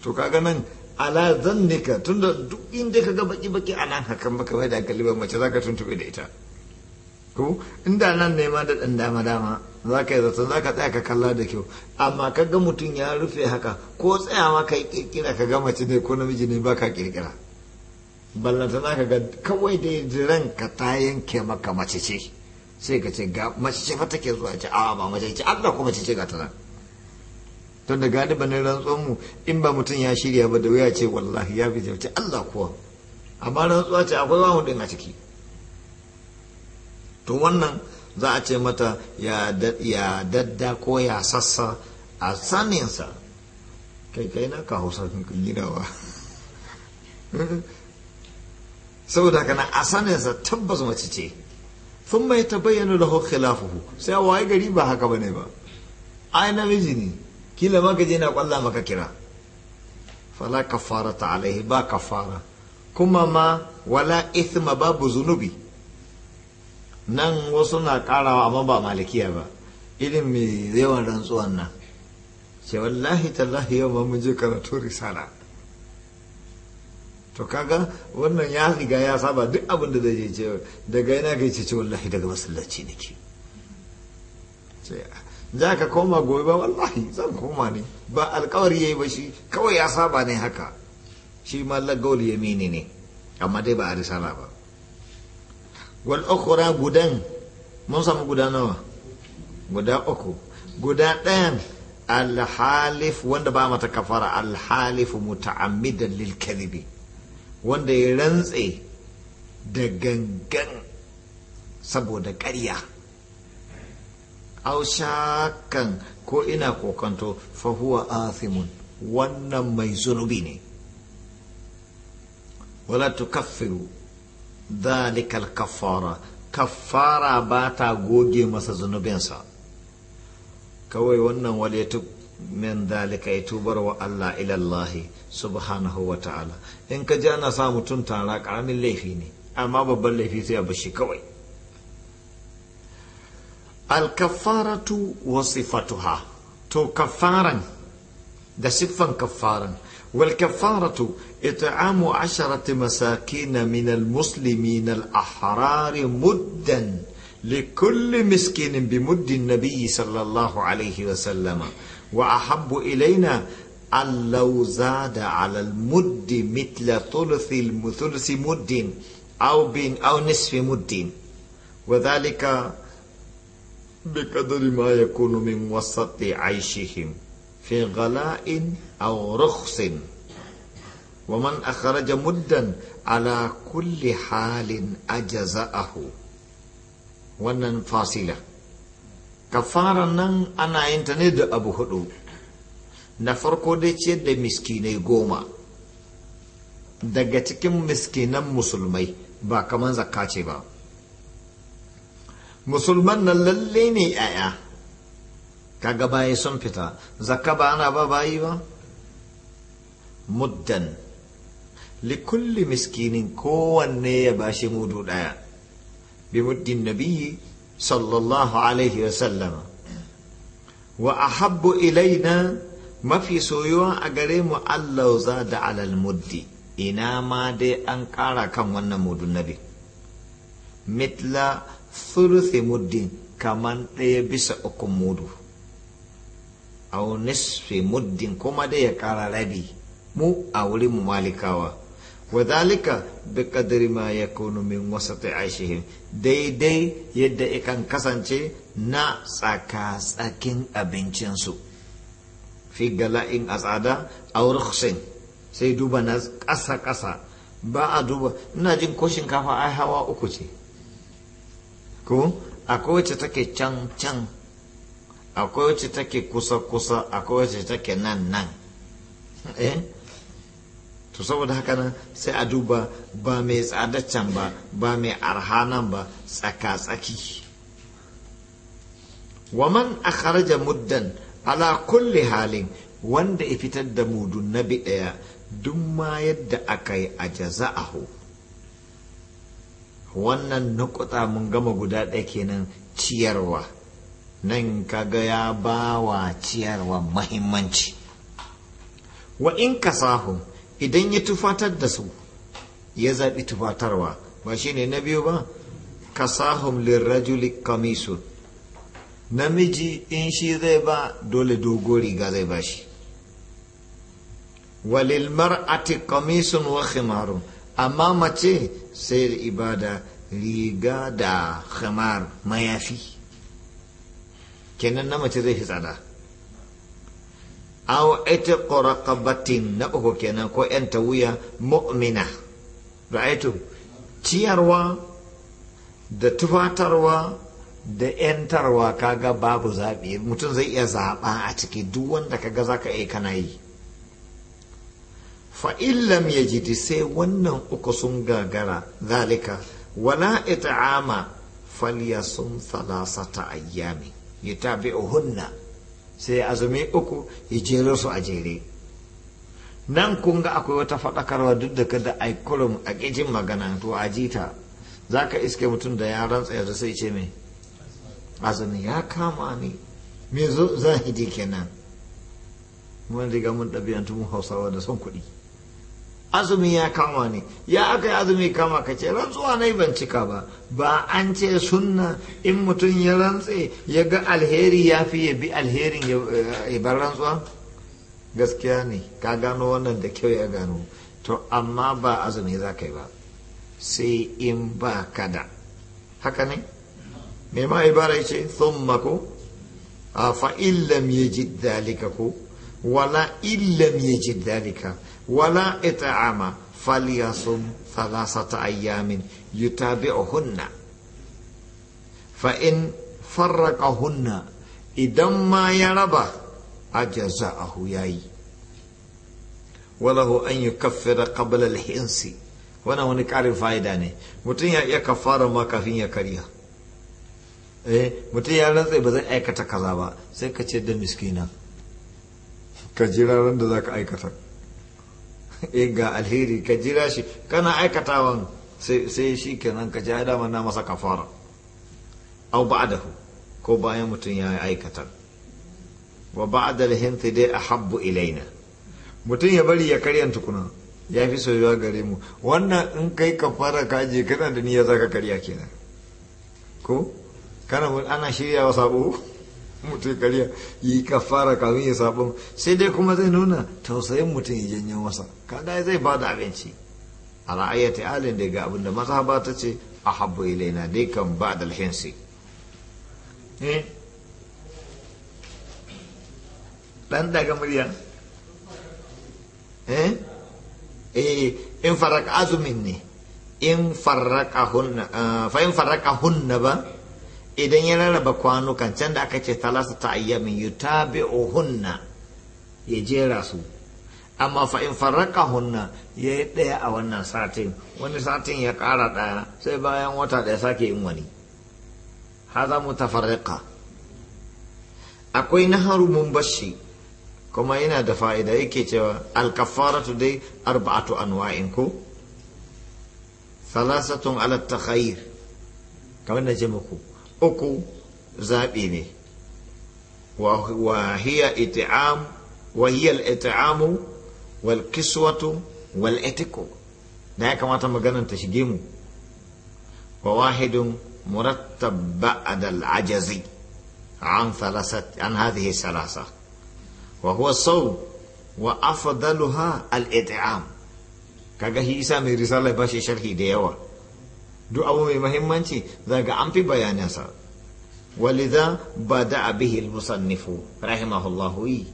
to kaga nan ala zannika tunda duk inda ka ga baki baki a nan hakan baka bai da kalibar ba mace za ka tuntube da ita ko inda nan ne ma da ɗan dama dama za ka yi zato za ka tsaya ka kalla da kyau amma ka ga mutum ya rufe haka ko tsayawa ka yi kirkira ka ga mace ne ko namiji ne ba ka kirkira ballanta za ka ga kawai dai jiran ka ta yanke maka mace ce sai ka ce ga mace ce fa take zuwa ce awa ba mace ce Allah ko mace ce ga ta nan to da ne rantsuwan mu in ba mutum ya shirya ba da wuya ce wallahi ya fi ce Allah kuwa amma rantsuwa ce akwai wahun din a ciki to wannan za a ce mata ya dadda ko ya sassa a saninsa kai kai na ka hausa gidawa saboda kana a saninsa tabbas mace ce sun mai ta bayyana da khilafuhu sai waye gari ba haka bane ba ai namiji ne kila ma ka je na kwalla maka kira fala kafarata alaihi ba kafara kuma ma wala ithma babu zunubi nan wasu na karawa amma ba malikiya ba irin mai yawan rantsuwan nan ce wallahi tallahi yau ma mun je karatu risala to kaga wannan ya riga ya saba duk abin da zai ce daga yana ga ce wallahi daga masallaci nake ce za ka koma gobe ba wallahi zan koma ne ba alkawari yayi ba shi kawai ya saba ne haka shi ma lagol yamini ne amma dai ba a risala ba wal gudan mun samu guda nawa guda uku guda ɗayan alhalif wanda ba mata kafara alhalif muta'ammidan lil kadhibi wanda ya rantse da gangan saboda ƙarya aushakan ko ina kokanto fahuwa athimun wannan mai zunubi ne wala tukaffiru zalikal kafara kafara ba ta goge masa zunubinsa kawai wannan waletu min zalika ya tubar wa Allah ilallahi subhanahu wa ta'ala in ka ji ana sa mutum tara karamin laifi ne amma babban laifi sai a bashi kawai alkafaratu wa sifatuha to kafaran da siffan kafaran والكفارة إطعام عشرة مساكين من المسلمين الأحرار مدا لكل مسكين بمد النبي صلى الله عليه وسلم وأحب إلينا أن لو زاد على المد مثل ثلث ثلث مد أو بين أو نصف مد وذلك بقدر ما يكون من وسط عيشهم في غلاء Waman رخص ومن أخرج مدا على كل حال أجزأه wannan fasila kafara nan ana yin ta ne da abu hudu na farko dai ce da miskinai goma daga cikin miskinan musulmai ba kaman zakka ce ba musulman nan lalle ne 'ya'ya kaga baya sun fita zakka ba ana ba bayi ba muddan likulli miskinin kowanne ya bashi mudu daya bi muddin nabiyyi sallallahu alaihi wa sallama wa ahabbu ilaina mafi soyuwa a gare mu Allah za da alal muddi ina ma dai an ƙara kan wannan mudun nabi mitla thuluthi muddin kaman ɗaya bisa ukun mudu au nisfi muddin kuma da ya kara rabi mu a wurin mu malikawa wadalika bi kadari ma ya kunu min wasati aishihim daidai yadda ikan kasance na tsaka tsakin abincinsu fi gala'in a tsada a rukhsin sai duba na ƙasa ƙasa ba a duba ina jin ko shinkafa ai hawa uku ce ko a kowace take can can akwai wacce take kusa-kusa akwai wacce take nan nan eh to saboda haka nan sai a duba ba mai tsadaccen ba ba mai nan ba tsaka-tsaki waman a kharaja muddan ala kulli halin wanda ya fitar da mudun na bi ɗaya duk ma yadda aka yi a jaza'ahu wannan nukuta mun gama guda ɗaya kenan ciyarwa nan kaga ya ba wa ciyarwa mahimmanci wa in kasahu idan ya tufatar da su ya zaɓi tufatarwa ba shi ne na biyu ba kasahum juli kamisu namiji in shi zai ba dole dogo riga zai ba shi walil mar'ati kamisun wa khimarun amma mace sai da ibada riga da khimar mayafi kenan na mace zai fi tsada aw ita raqabatin na uku kenan ko yan wuya mu'mina ra'aitu ciyarwa da tufatarwa da yantarwa kaga babu zaɓi mutum zai iya zaɓa a ciki duk wanda kaga za ka iya kana yi fa'illam ya jidi sai wannan uku sun gagara zalika wala ita falya sun salasata ayyami ya tabi uhunna sai azumi uku ya jero su a jere nan kun ga akwai wata faɗakarwa duk da kada a kurum a ƙijin magana to a jita za ka iske mutum da ya rantsa sai ce mai azumi ya kama ni me zahidi kenan mun riga mun ɗabi'antu mu hausawa da son kuɗi azumi ya kama ne ya aka yi azumi kama ka ce rantsuwa na ban cika ba ba an ce sunna in mutum ya rantse ya ga alheri ya fi ya bi alherin ya bar rantsuwa gaskiya ne ka gano wannan da kyau ya gano to amma ba azumi za ka yi ba sai in ba kada haka ne ne ma ibara ce sun mako a fa illam yajid dalika ko wala illam yajid dalika wala ita'ama falyasum thalathata ayyamin yutabi'uhunna fa farraka farraqahunna idan ma ya raba ajza'ahu yayi walahu an yukaffira qabla al-hinsi wannan wani ƙarin fa'ida ne mutum ya iya kafara ma kafin ya karya eh, mutum ya rantsa ba zai aikata kaza ba sai ka ce da miskina ka jira ran da za ka aikata Eh, ga alheri ka jira shi kana aikatawan sai shi kenan ka ja dama na masa kafara au ba'dahu ko bayan mutum ya aikata wa ba'da da dai ahabbu ilaina mutum ya bari ya karyan tukuna ya fi soyuwa gare mu wannan in kai kafara ka je kana da niyya zaka karya kenan ko kana ana shiryawa sabo mutum kariya yi fara kafin ya sabo sai dai kuma zai nuna tausayin mutum ya janyo masa kaga zai ba da abinci a ra'ayyata alin daga abin da mazhaba ta ce a habbo ilaina dai kan ba da alhinsi eh? dan daga murya eh, eh in farak azumin ne in faraka hunna eh, fa in faraka hunna ba idan ya rarraba kwanukan can da aka ce talasa ta ayyamin hunna ya jera su amma fa'in in farraka hunna ya yi ɗaya a wannan satin wani satin ya ƙara ɗaya sai bayan wata ɗaya sake yin wani haza farraka akwai naharu mun bashi kuma yana da fa'ida yake cewa alkafaratu dai arba'atu anwa'in ko salasatun ala takhayir kamar na ce muku uku zaɓi ne wa hiya it'am wal kiswatu wal itiku da ya kamata ta shige mu wa wahidun murattab ba'da al-ajazi an thalasat an hadhihi salasa wa huwa wa afdaluha al-it'am kaga ga isa mai risala ba shi sharhi da yawa duk abu mai mahimmanci zaga an fi bayaninsa ولذا بدأ ba da رحمه الله إيه.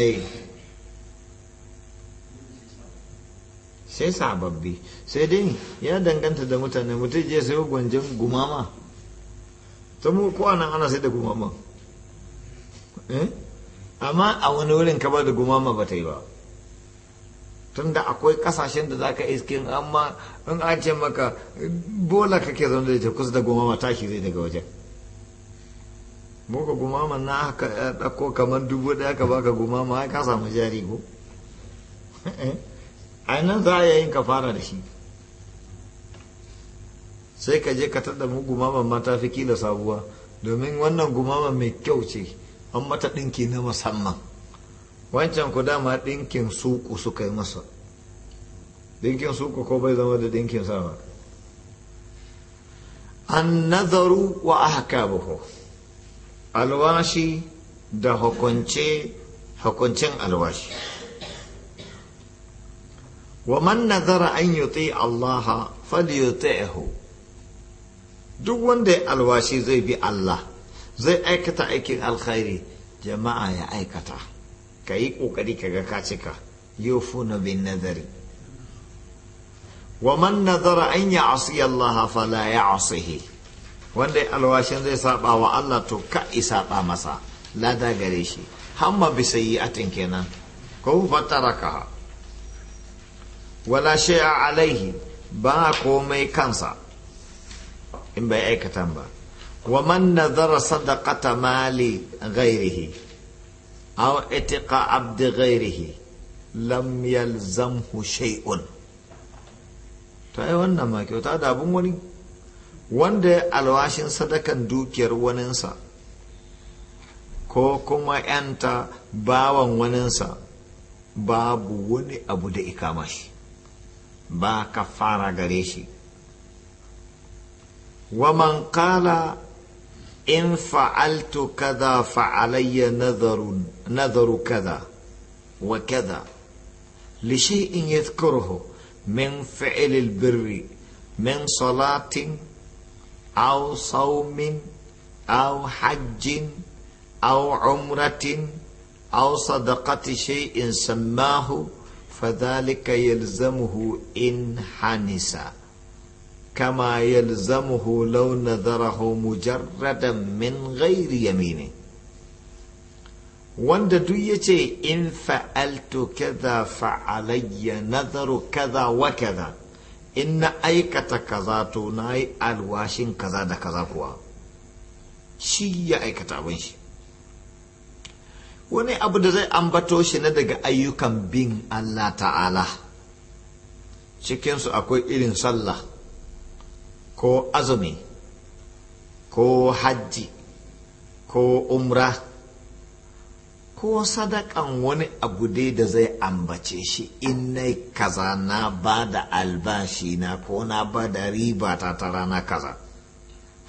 أي sai sababbi sai dai ya danganta da mutane mutum je sai gwanjin gumama ta mu kowa nan ana sai da gumama eh? amma a wani wurin ka ba da gumama ba ta yi ba tunda akwai kasashen da zaka iske amma in an ce maka bola kake zaune da kusa da goma tashi zai daga wajen muka gumama na haka dako eh, kamar dubu daya ka baka gumama ka samu jari ko a nan za a yayin ka fara da shi sai ka je ka tada mu gumaman mata fi kila sabuwa domin wannan gumaman mai kyau ce an mata ɗinki na musamman wancan ku dama ɗinkin suku suka yi masa ɗinkin suku ko bai zama da ɗinkin sama an nazaru wa aka alwashi da hukuncin alwashi wa man nazara an yuti Allah falyuti'hu duk wanda alwashi zai bi Allah zai aikata aikin alkhairi jama'a ya aikata ka yi ƙoƙari ka ga ka cika yufuna bin nazari wa man nazara an ya asi Allah fala ya asihi wanda alwashin zai saba wa Allah to ka isa ba masa lada gare shi hamma bi sayyi'atin kenan ko fataraka wala shay'a alaihi ba komai kansa in bai aikatan ba wa man nazara sadaqata mali ghairihi أو اتق عبد غيره لم يلزمه شيء تأيوان نما da تأدابون wani? wanda alwashin sadakan dukiyar waninsa ko kuma yanta bawan waninsa babu wani abu da ikama shi ba ka fara gare shi man kala إن فعلت كذا فعلي نذر نذر كذا وكذا لشيء يذكره من فعل البر من صلاة أو صوم أو حج أو عمرة أو صدقة شيء سماه فذلك يلزمه إن حنسا كما يلزمه لو نذره مجردا من غير يمينه wanda duk yace, ce in fa'altu kaza fa'alayya nazaru kaza wa kaza in na aikata kaza to na alwashin kaza da kaza kuwa shi ya aikata abin shi wani abu da zai ambato shi na daga ayyukan bin Allah ta'ala cikinsu akwai irin sallah ko azumi ko hajji ko umra ko sadakan wani abu dai da zai ambace shi inai kaza na ba da albashi na ko na ba da riba ta ta rana kaza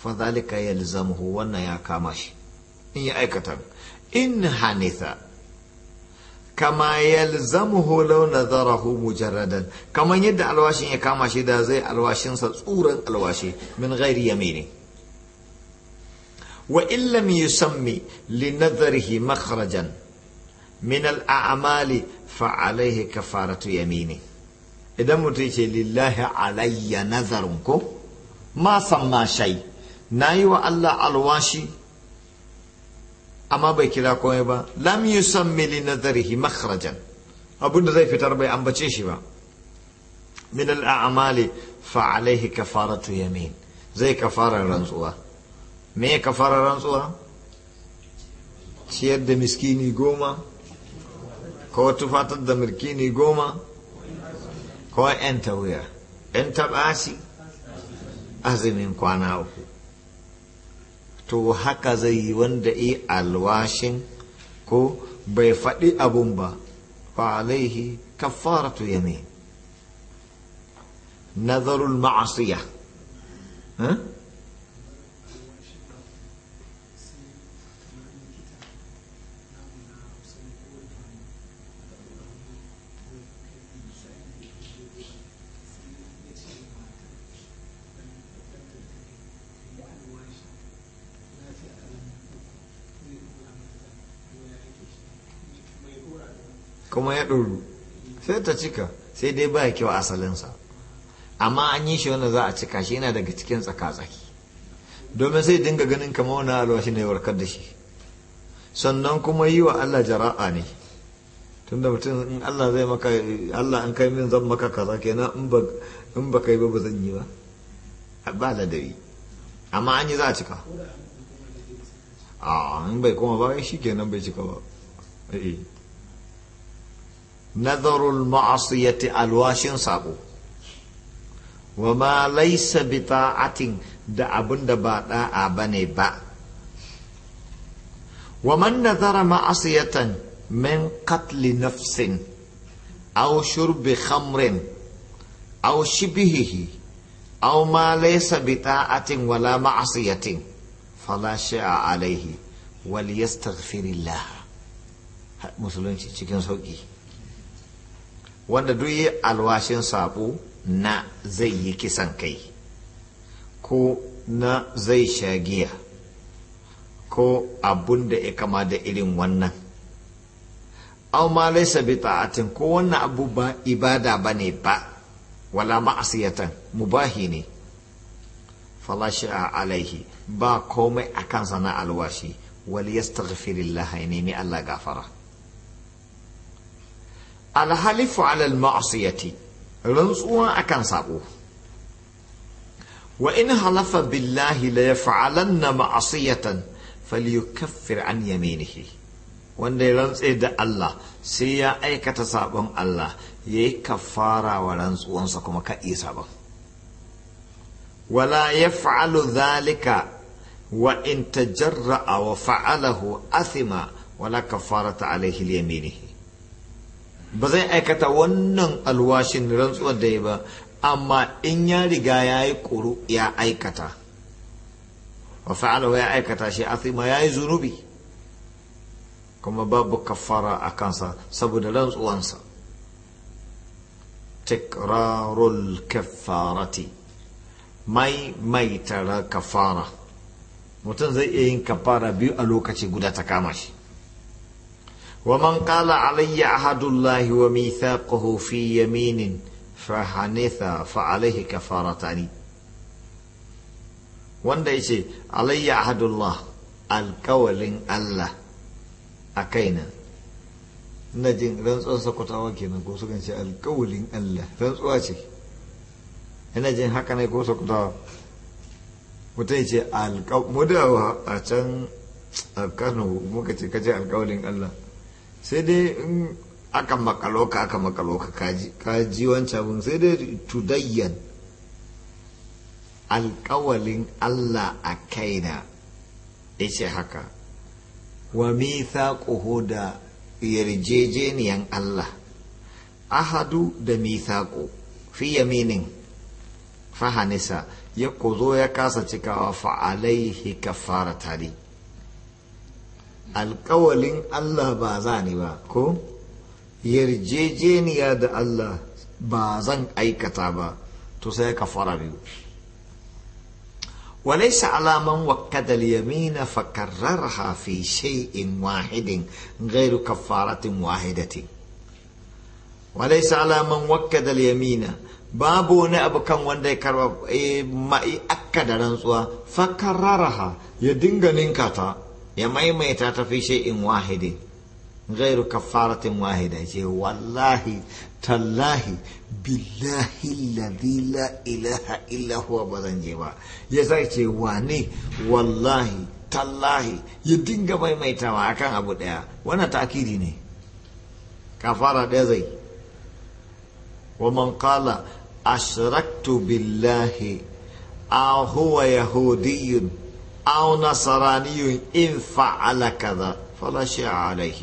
fadhalika yalzamuhu wannan ya kama shi in ya aikata in hanitha kama yalzamuhu law nazarahu mujarradan kaman yadda alwashin ya kama shi da zai alwashin sa tsuran alwashi min ghairi yamini wa illam yusammi li nadharihi makhrajan min al a'mali fa alayhi kafaratu yamini idan mutum ce lillahi alayya nazarun ko ma samma shay nayi wa Allah alwashi amma bai kira komai ba lam yusammi li nadarihi makhrajan abinda zai fitar bai ambace shi ba min al a'mali fa alaihi kafaratu yamin zai kafara rantsuwa me kafara rantsuwa ciyar da miskini goma ko tufatar da miskini goma ko yan tawiya yan tabasi azumin kwana uku to haka zai yi wanda i alwashin ko bai faɗi abun ba fa alaihi kafaratu yamin nazarul ma'asiya kuma ya ɗoru sai ta cika sai dai ba kyau asalinsa amma an yi shi wanda za a cika shi yana daga cikin tsaka-tsaki domin sai dinga ganin kamar wani alwashi ne warkar da shi sannan kuma yi wa Allah jara'a ne tunda mutum in Allah zai maka Allah an kai min zan maka kaza kenan in ba kai ba ba zan yi ba ba ladari amma an yi za a cika a in bai kuma ba shi kenan bai cika ba eh nazarul ma'asiyati alwashin sako wa ma laisa bi ta'atin da abin da ba da'a bane ba wa man nazara ma'asiyatan min qatli nafsin aw shurbi khamrin aw shibihihi aw ma laisa bi ta'atin wala ma'asiyatin fala shi'a alaihi wal yastaghfirillah musulunci cikin sauki wanda duk yi alwashin sabo na zai yi kisan kai ko na zai shagiya ko abun da ya kama da irin wannan au ma laisa bi ta'atin ko wannan abu ba ibada ne ba wala ma'asiyatan mubahi ne fala shi'a alaihi ba komai akan na alwashi wal yastaghfirillah ya nemi Allah gafara alhalifu alal ma'asiyati rantsuwa akan sako wa in halafa billahi la yaf'alanna ma'asiyatan falyukaffir an yaminihi wanda ya rantse da Allah sai ya aikata sabon Allah yayi kafara wa rantsuwansa kuma ka iya sabon wala yaf'alu dhalika wa in tajarra'a wa fa'alahu athima wala kafarata alaihi yaminihi ba zai aikata wannan alwashin rantsuwar da ya ba amma in ya riga ya yi ƙuru ya aikata wa fa'ala ya aikata shi asima ya yi zunubi kuma babu kafara a kansa saboda rantsuwansa tikrarul kafarati mai mai tara kafara mutum zai iya yin kafara biyu a lokaci guda ta kama shi ومن قال علي عهد الله وميثاقه في يمين فحنث فعليه كفارتان wanda ya ce alayya ahadullah alkawalin Allah a kaina na jin rantsuwar sakwatawa kenan ko sukan ce alkawalin Allah rantsuwa ce ina jin haka ne ko sakwatawa mutum ya ce alkawalin a can a kano kaje Allah sai dai in aka makaloka aka makaloka ka ji wancan abin sai dai tudayyan alkawalin Allah a kaina ya ce haka wa mithaquhu da yarjejeniyan Allah ahadu da mithaqu fi yaminin fahanisa ya kuzo ya kasa cikawa fa ka fara tarihi alkawalin Allah ba za ni ba ko yarjejeniya da Allah ba zan aikata ba to sai ka fara biyu وليس على من وكد اليمين فكررها في شيء واحد غير كفارة واحدة وليس على من وكد اليمين babu wani abu kan wanda ya karba eh, mai akka da rantsuwa fakararaha ya dinga ninkata. ya maimaita ta fi in wahidi gairu kafaratin wahida ce wallahi tallahi billahi lazi la je ba ya sai wallahi tallahi ya dinga maimaitawa akan abu daya wannan takiri ne kafara daya zai wa man qala ashraktu billahi a huwa yahudiyyun أو نصراني إن فعل كذا فلا شيء عليه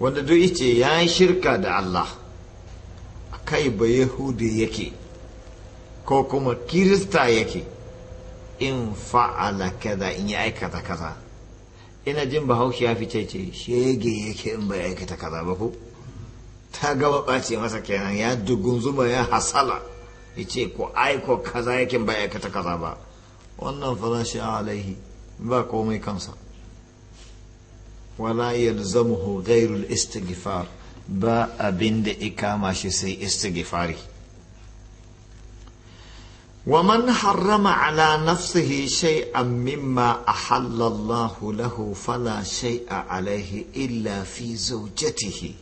wanda duk ita ya yi shirka da Allah a kai ba Yahudi yake ko kuma Kirista yake in fa'ala kaza in ya aikata kaza ina jin bahaushe ya fi ce shege yake in bai aikata kaza ba ku? ta gaba ɓace masa kenan ya dugun zuma ya hasala ya ce ko aiko kaza yake bai aikata kaza ba wannan farashi a alaihi ba komai kansa wala yalzamuhu ghairul istighfar ba abin da ikama shi sai istighfari ومن حرم على نفسه شيئا مما أحل الله له فلا شيء عليه إلا في زوجته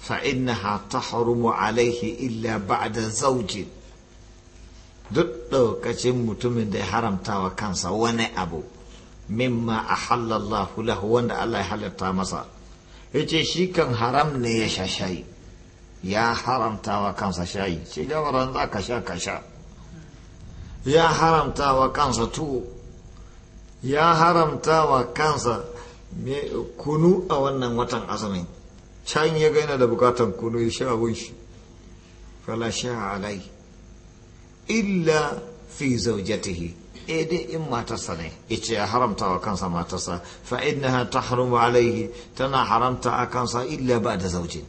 فإنها تحرم عليه إلا بعد زوج duk ɗaukacin mutumin da ya haramta wa kansa wani abu mimma a halallahu lahu wanda Allah ya halatta masa ya ce shi kan haram ne ya sha shayi ya haramta wa kansa shayi shi jawaran za ka sha ka sha ya haramta wa kansa tuwo ya haramta wa kansa kunu a wannan watan asumin. can ya gaina da bukatan kunu ya sha abun shi fala sha alai illa fi zaujatihi eh, dai in matarsa ne ice ya haramta wa kansa matarsa fa innaha tahrumu alaihi tana haramta a kansa illa ba da zaujin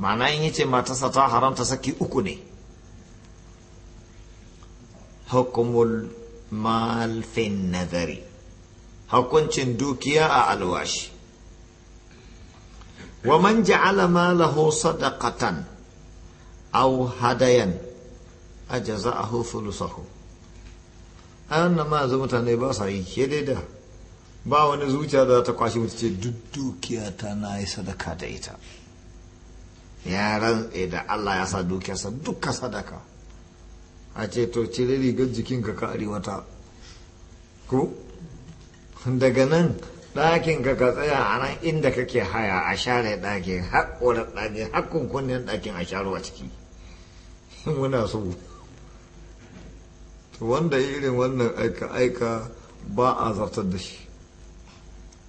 ma'ana in yace matarsa ta haramta saki uku ne hukumul mal fin nazari hukuncin dukiya a alwashi wa man ja'ala malahu sadaqatan aw hadayan a jaza a lusaku a wannan ma yanzu mutane ba sa yi ke dai da ba wani zuciya da ta kwashe mutu ce duk dukiya ta na yi sadaka da ita ya rantse da allah ya sa dukiyarsa duka sadaka a ce to cire rigar jikinka ka arewata ko daga nan ɗakin ka ka tsaya a nan inda kake haya a share ɗakin haƙorar ɗakin haƙƙun kunnen ɗakin a sharuwa ciki muna so wanda irin wannan aika-aika ba a zartar da shi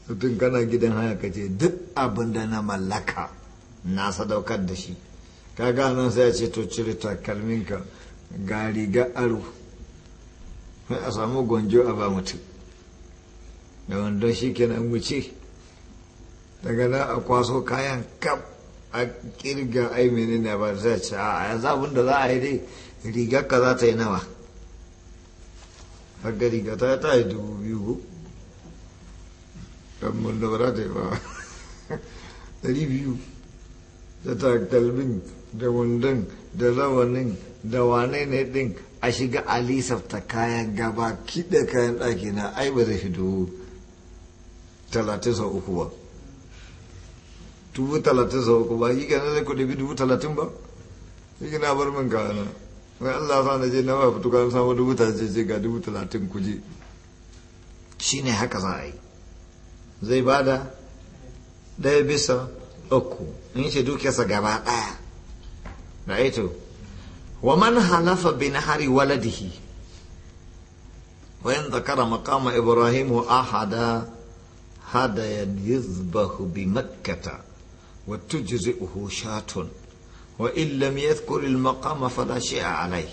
mutum kana gidan haya ka ce duk abin da na mallaka na sadaukar da shi ka nan sai ya ce to cire takalminka ga riga aro a samu gwanjo a ba mutum da wanda shi kenan wuce daga nan a kwaso kayan kaf a kirga aimini menene ba zai ce a yanzu abin da za a yi dai rigar ka za ta yi nawa har gari ga ta ta yi dubu biyu kan mun da ba ta yi ba ɗari biyu da Kalbin da wundun da rawanin da wane ne a shiga a lisafta kayan gaba Kida kayan ɗaki na ai ba zai fi dubu talatin sau uku ba dubu talatin sau uku ba yi ganin zai bi dubu talatin ba yi bar min kayan wai Allah sa na je na ba fito kan samu dubu talatin ce ga dubu talatin kuje shi ne haka za a yi zai ba da ɗaya bisa uku in ce dukiyarsa gaba ɗaya ito. wa man halafa na hari waladihi wa in zakara Ibrahim ibrahimu ahada hada zubahu bi makkata wa uhu shatun وإن لم يذكر المقام فلا شيء عليه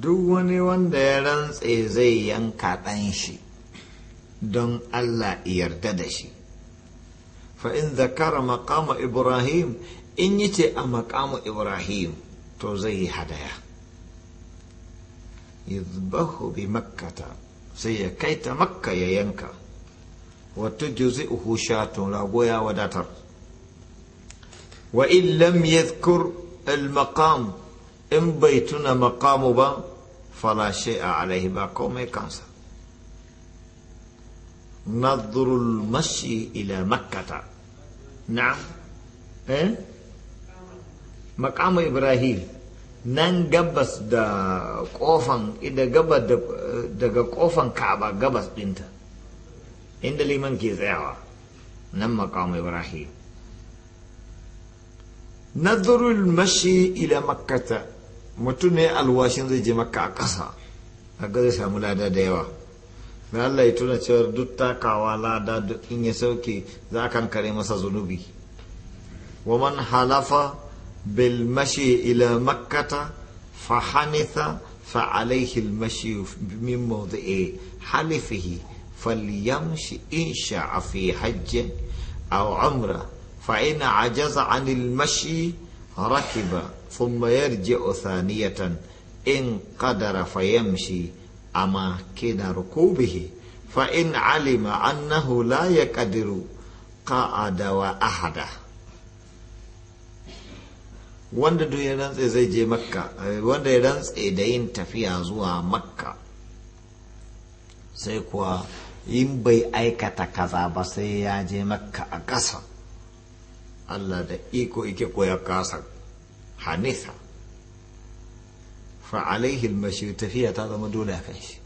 duk wani wanda ya rantse zai yanka ɗan shi don Allah yarda da shi fa in zakara makama ibrahim in yi ce a maqamu ibrahim to zai yi hadaya yuzbahu bi makkata sai ya kaita makka ya yanka wata juzi'uhu tun rago ya wadatar وإن لم يذكر المقام إن بيتنا مقام با فلا شيء عليه با كومي كانسا نظر المشي إلى مكة نعم إيه؟ مقام إبراهيم نن قبس دا gabas إذا قبس دا, kofan ka'aba قبس dinta inda liman ke كيزعوا نم مقام إبراهيم nadarul mashi ila makkata mutum ne alwashin zai je makka a ƙasa zai samu lada da yawa na Allah ya tuna cewar duk takawa lada duk in ya sauke za kan kare masa zunubi wa man halafa bil mashi ila makkata fa hanitha fa alaihi al mashi min mawdi'i halifihi falyamshi in sha'a fi hajjin aw umrah فإن عجز عن المشي ركب ثم يرجع ثانية إن قدر فيمشي أماكن ركوبه فإن علم أنه لا يقدر قعد وأحده wanda duk ya rantse zai je makka wanda ya rantse da yin tafiya zuwa makka sai kuwa in bai aikata kaza ba sai ya je makka a ƙasa Allah da iko ike koya kasa hanisa fa alaihi mashi tafiya ta zama dole a kai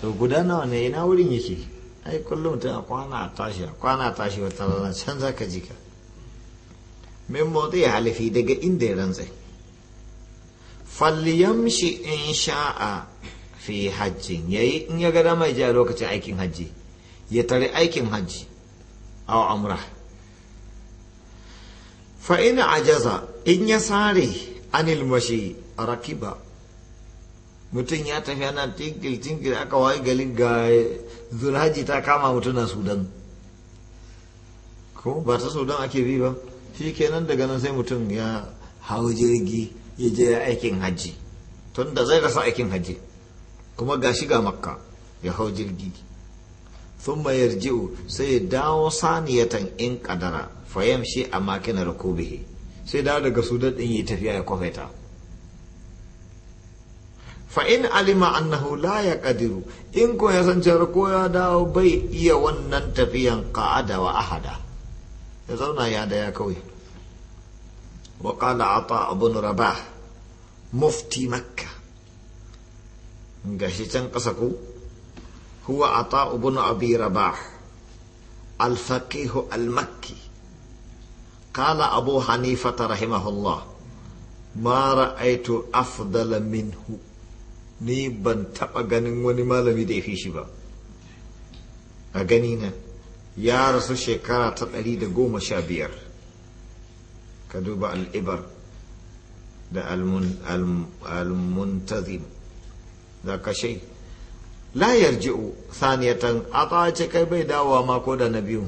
to guda nawa ne ina wurin yake ai kullum ta kwana a tashi a kwana a tashi wata rana can za ka ji ka min motsi ya halifi daga inda ya rantse falyamshi in sha'a fi hajjin yayi in ya ga dama ya lokacin aikin hajji ya tare aikin hajji aw amra Fa'ina a jaza in ya sare anil mashi a rakiba mutum ya tafi ana tingil tingil aka wayi galin ga zulhaji ta kama mutum na sudan ko ba ta sudan ake bi ba shi kenan daga nan sai mutum ya hau jirgi ya je aikin hajji tun da zai rasa aikin hajji kuma ga shiga makka ya hau jirgi thumma ji'u sai ya dawo saniyatan in kadara fa yamshi a makina rukubihi sai dawo daga sudan din yi tafiya ya kofeta fa in alima annahu hula ya kadiru in ko ya san cewa ko ya dawo bai iya wannan tafiyan ka'ada wa ahada ya zauna ya da ya kawai wa ata ibn rabah mufti makka gashi can kasa ko هو عطاء بن أبي رباح الفقيه المكي قال أبو حنيفة رحمه الله ما رأيت أفضل منه ni ban taɓa ganin wani malami da ya fi shi ba a gani na ya rasu shekara ta ɗari da goma sha biyar ka duba al'ibar da almuntazim da kashai la yarji'u saniyatan ata ce kai bai dawowa ma ko da na biyu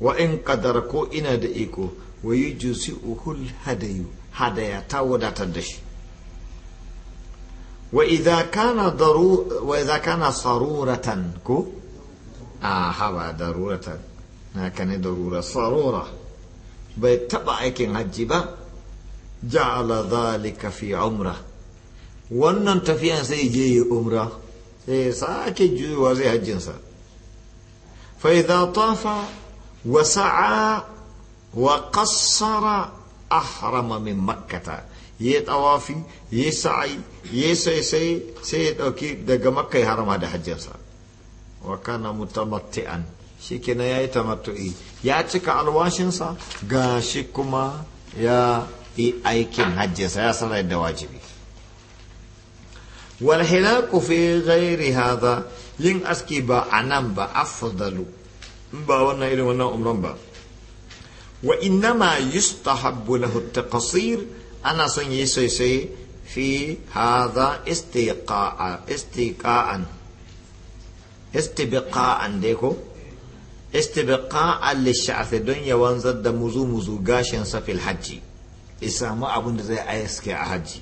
wa in kadar ko ina da iko wa yi jusi uhul hadayu hadaya ta wadatar da shi wa idza kana daru wa idza kana saruratan ko a haba daruratan na kane darura sarura bai taba aikin hajji ba ja'ala dhalika fi umrah wannan tafiyan sai je yi umra sai ya sake juyowa zai hajjinsa fa idza tafa wa sa'a wa qassara ahrama min makkata ya tawafi ya sa'i ya sai sai sai ya dauki daga makka ya harama da hajjinsa wa kana mutamatti'an ya yi tamattu'i ya cika alwashinsa gashi kuma ya yi aikin hajjinsa ya sarai da wajibi والهلاك في غير هذا ين أسكي با عنام با أفضل با ونا إلى ونا أمران با وإنما يستحب له التقصير أنا سن يسيسي في هذا استيقاء استيقاء استبقاء ديكو استبقاء للشعث الدنيا وانزد مزو مزو قاشن في الحج إسامة أبن زي أيسكي أحجي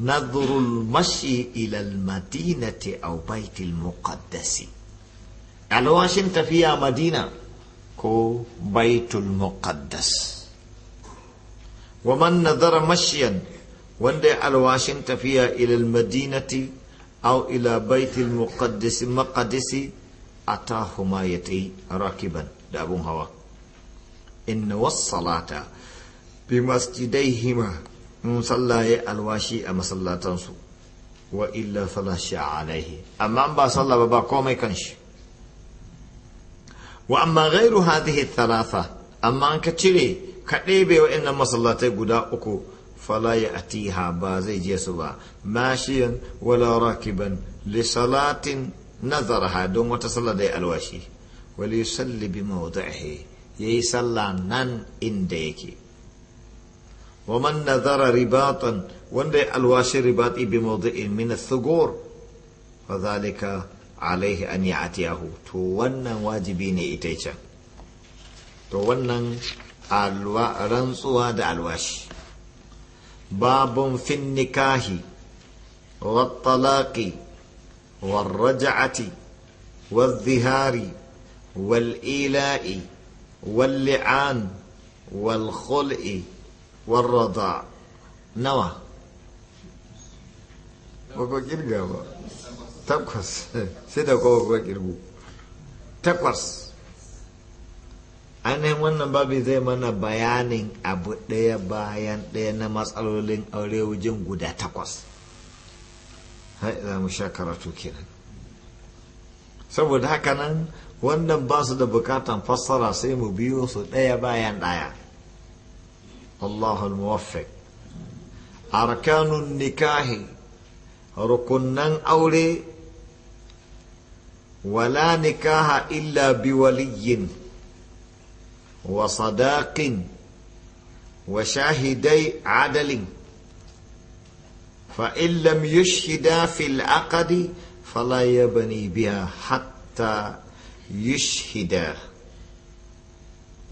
نظر المشي إلى المدينة أو بيت المقدس يعني هو أنت فيها مدينة كو بيت المقدس ومن نظر مشيا وندي الواشن في إلى المدينة أو إلى بيت المقدس مقدس أتاه ما يتي راكبا دابون هوا إن والصلاة بمسجديهما in sallah ya alwashi a masallatansu wa illa fala alaihi amma ba sallah ba ba komai kan shi wa amma gairu hadhihi thalatha amma an ka cire ka ɗebe wa'annan masallatai guda uku fala ya atiha ba zai je su ba mashiyan wala rakiban li salatin nazarha don wata sallah da ya alwashi wali yusalli bi mawdi'ihi yayi sallah nan inda yake ومن نذر رباطا وندى الواشي رباط بموضع من الثغور فذلك عليه a يعتيه to wannan wajibi ne ita ce to wannan rantsuwa da alwashi babun fin nikahi wa talaqi wa raj'ati wa dhihari wal ila'i wal li'an wal khul'i warrada nawa ba kirga ba takwas sai da kowa kuka kirgu takwas ainihin wannan babu zai mana bayanin abu ɗaya bayan ɗaya na matsalolin aure wajen guda takwas za mu sha karatu kenan saboda haka nan wannan ba su da bukatan fassara sai mu biyo su ɗaya bayan ɗaya الله الموفق أركان النكاح ركنا أولي ولا نكاح إلا بولي وصداق وشاهدي عدل فإن لم يشهدا في العقد فلا يبني بها حتى يشهدا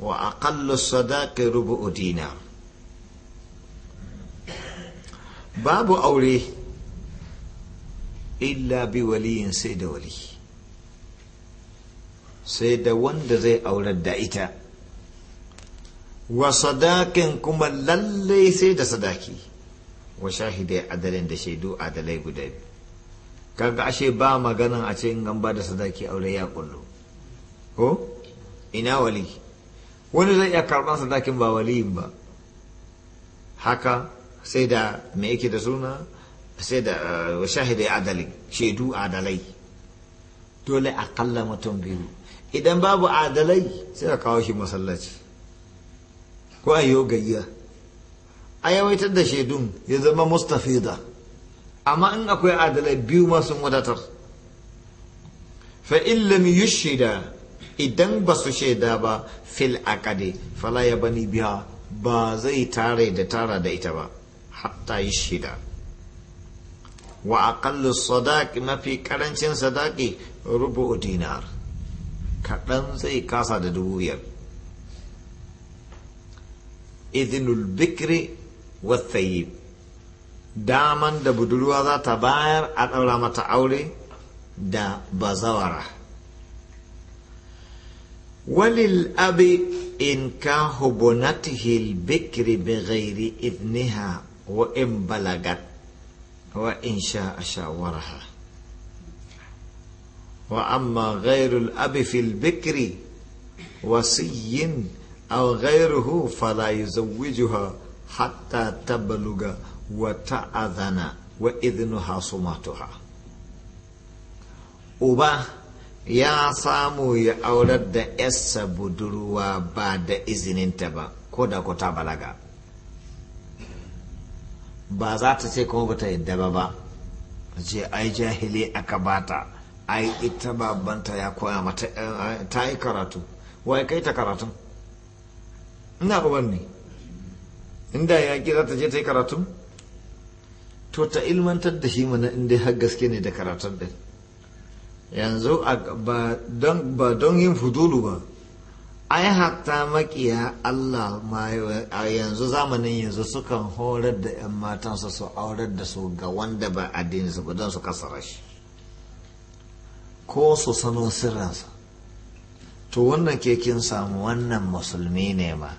وأقل الصداق ربع دينار babu aure illa bi waliyin sai da wali sai da wanda zai aurar da ita wa sadakin kuma lallai sai da sadaki wa shahidai adalin da shaidu adalai guda biyu kaga ashe ba maganan a ce in an ba da sadaki aure ya kullu ko ina wali wani zai iya karɓar sadakin ba waliyin ba haka sai da me yake da suna sai da eh, shahidai adalin shaidu adalai dole a akalla mutum biyu idan babu adalai sai ka kawo shi masallaci ko a yi gayya a yawaitar da shaidun ya zama mustafida amma in akwai adalai biyu masu wadatar fa illam yushida idan ba su shaida ba fil akade fala ya bani biya ba zai tare da tara da ita ba hatta yi shida wa aqallu sadaqi mafi karancin sadaqi rubu dinar kaɗan zai kasa da dubu biyar idinul bikri wa daman da budurwa za ta bayar a ɗaura mata aure da bazawara walil abi in ka hubunatihil bikri bi ghairi idniha وإن بلغت وإن شاء شاورها وأما غير الأب في البكر وصي أو غيره فلا يزوجها حتى تبلغ وتأذن وإذنها صمتها أبا يا samu يا أولاد da بدروا بعد إذن da كودا ba لغا ba za ta ce kuma ba ta yadda ba ba ce ai jahili aka bata ai ita babanta ya koya mata eh, ta yi karatu wai kai ta karatu ina ba ne inda ya ki za ta je ta yi karatu to ta ilmantar da shi mana inda har gaske ne da karatun din yanzu ba don yin fudulu ba ai hatta makiya Allah ma a yanzu zamanin yanzu sukan horar da 'yan matansa su aurar da su ga wanda ba addininsu ba don su kasara shi ko su sano sirrinsa to wannan kekin samu wannan musulmi ne ma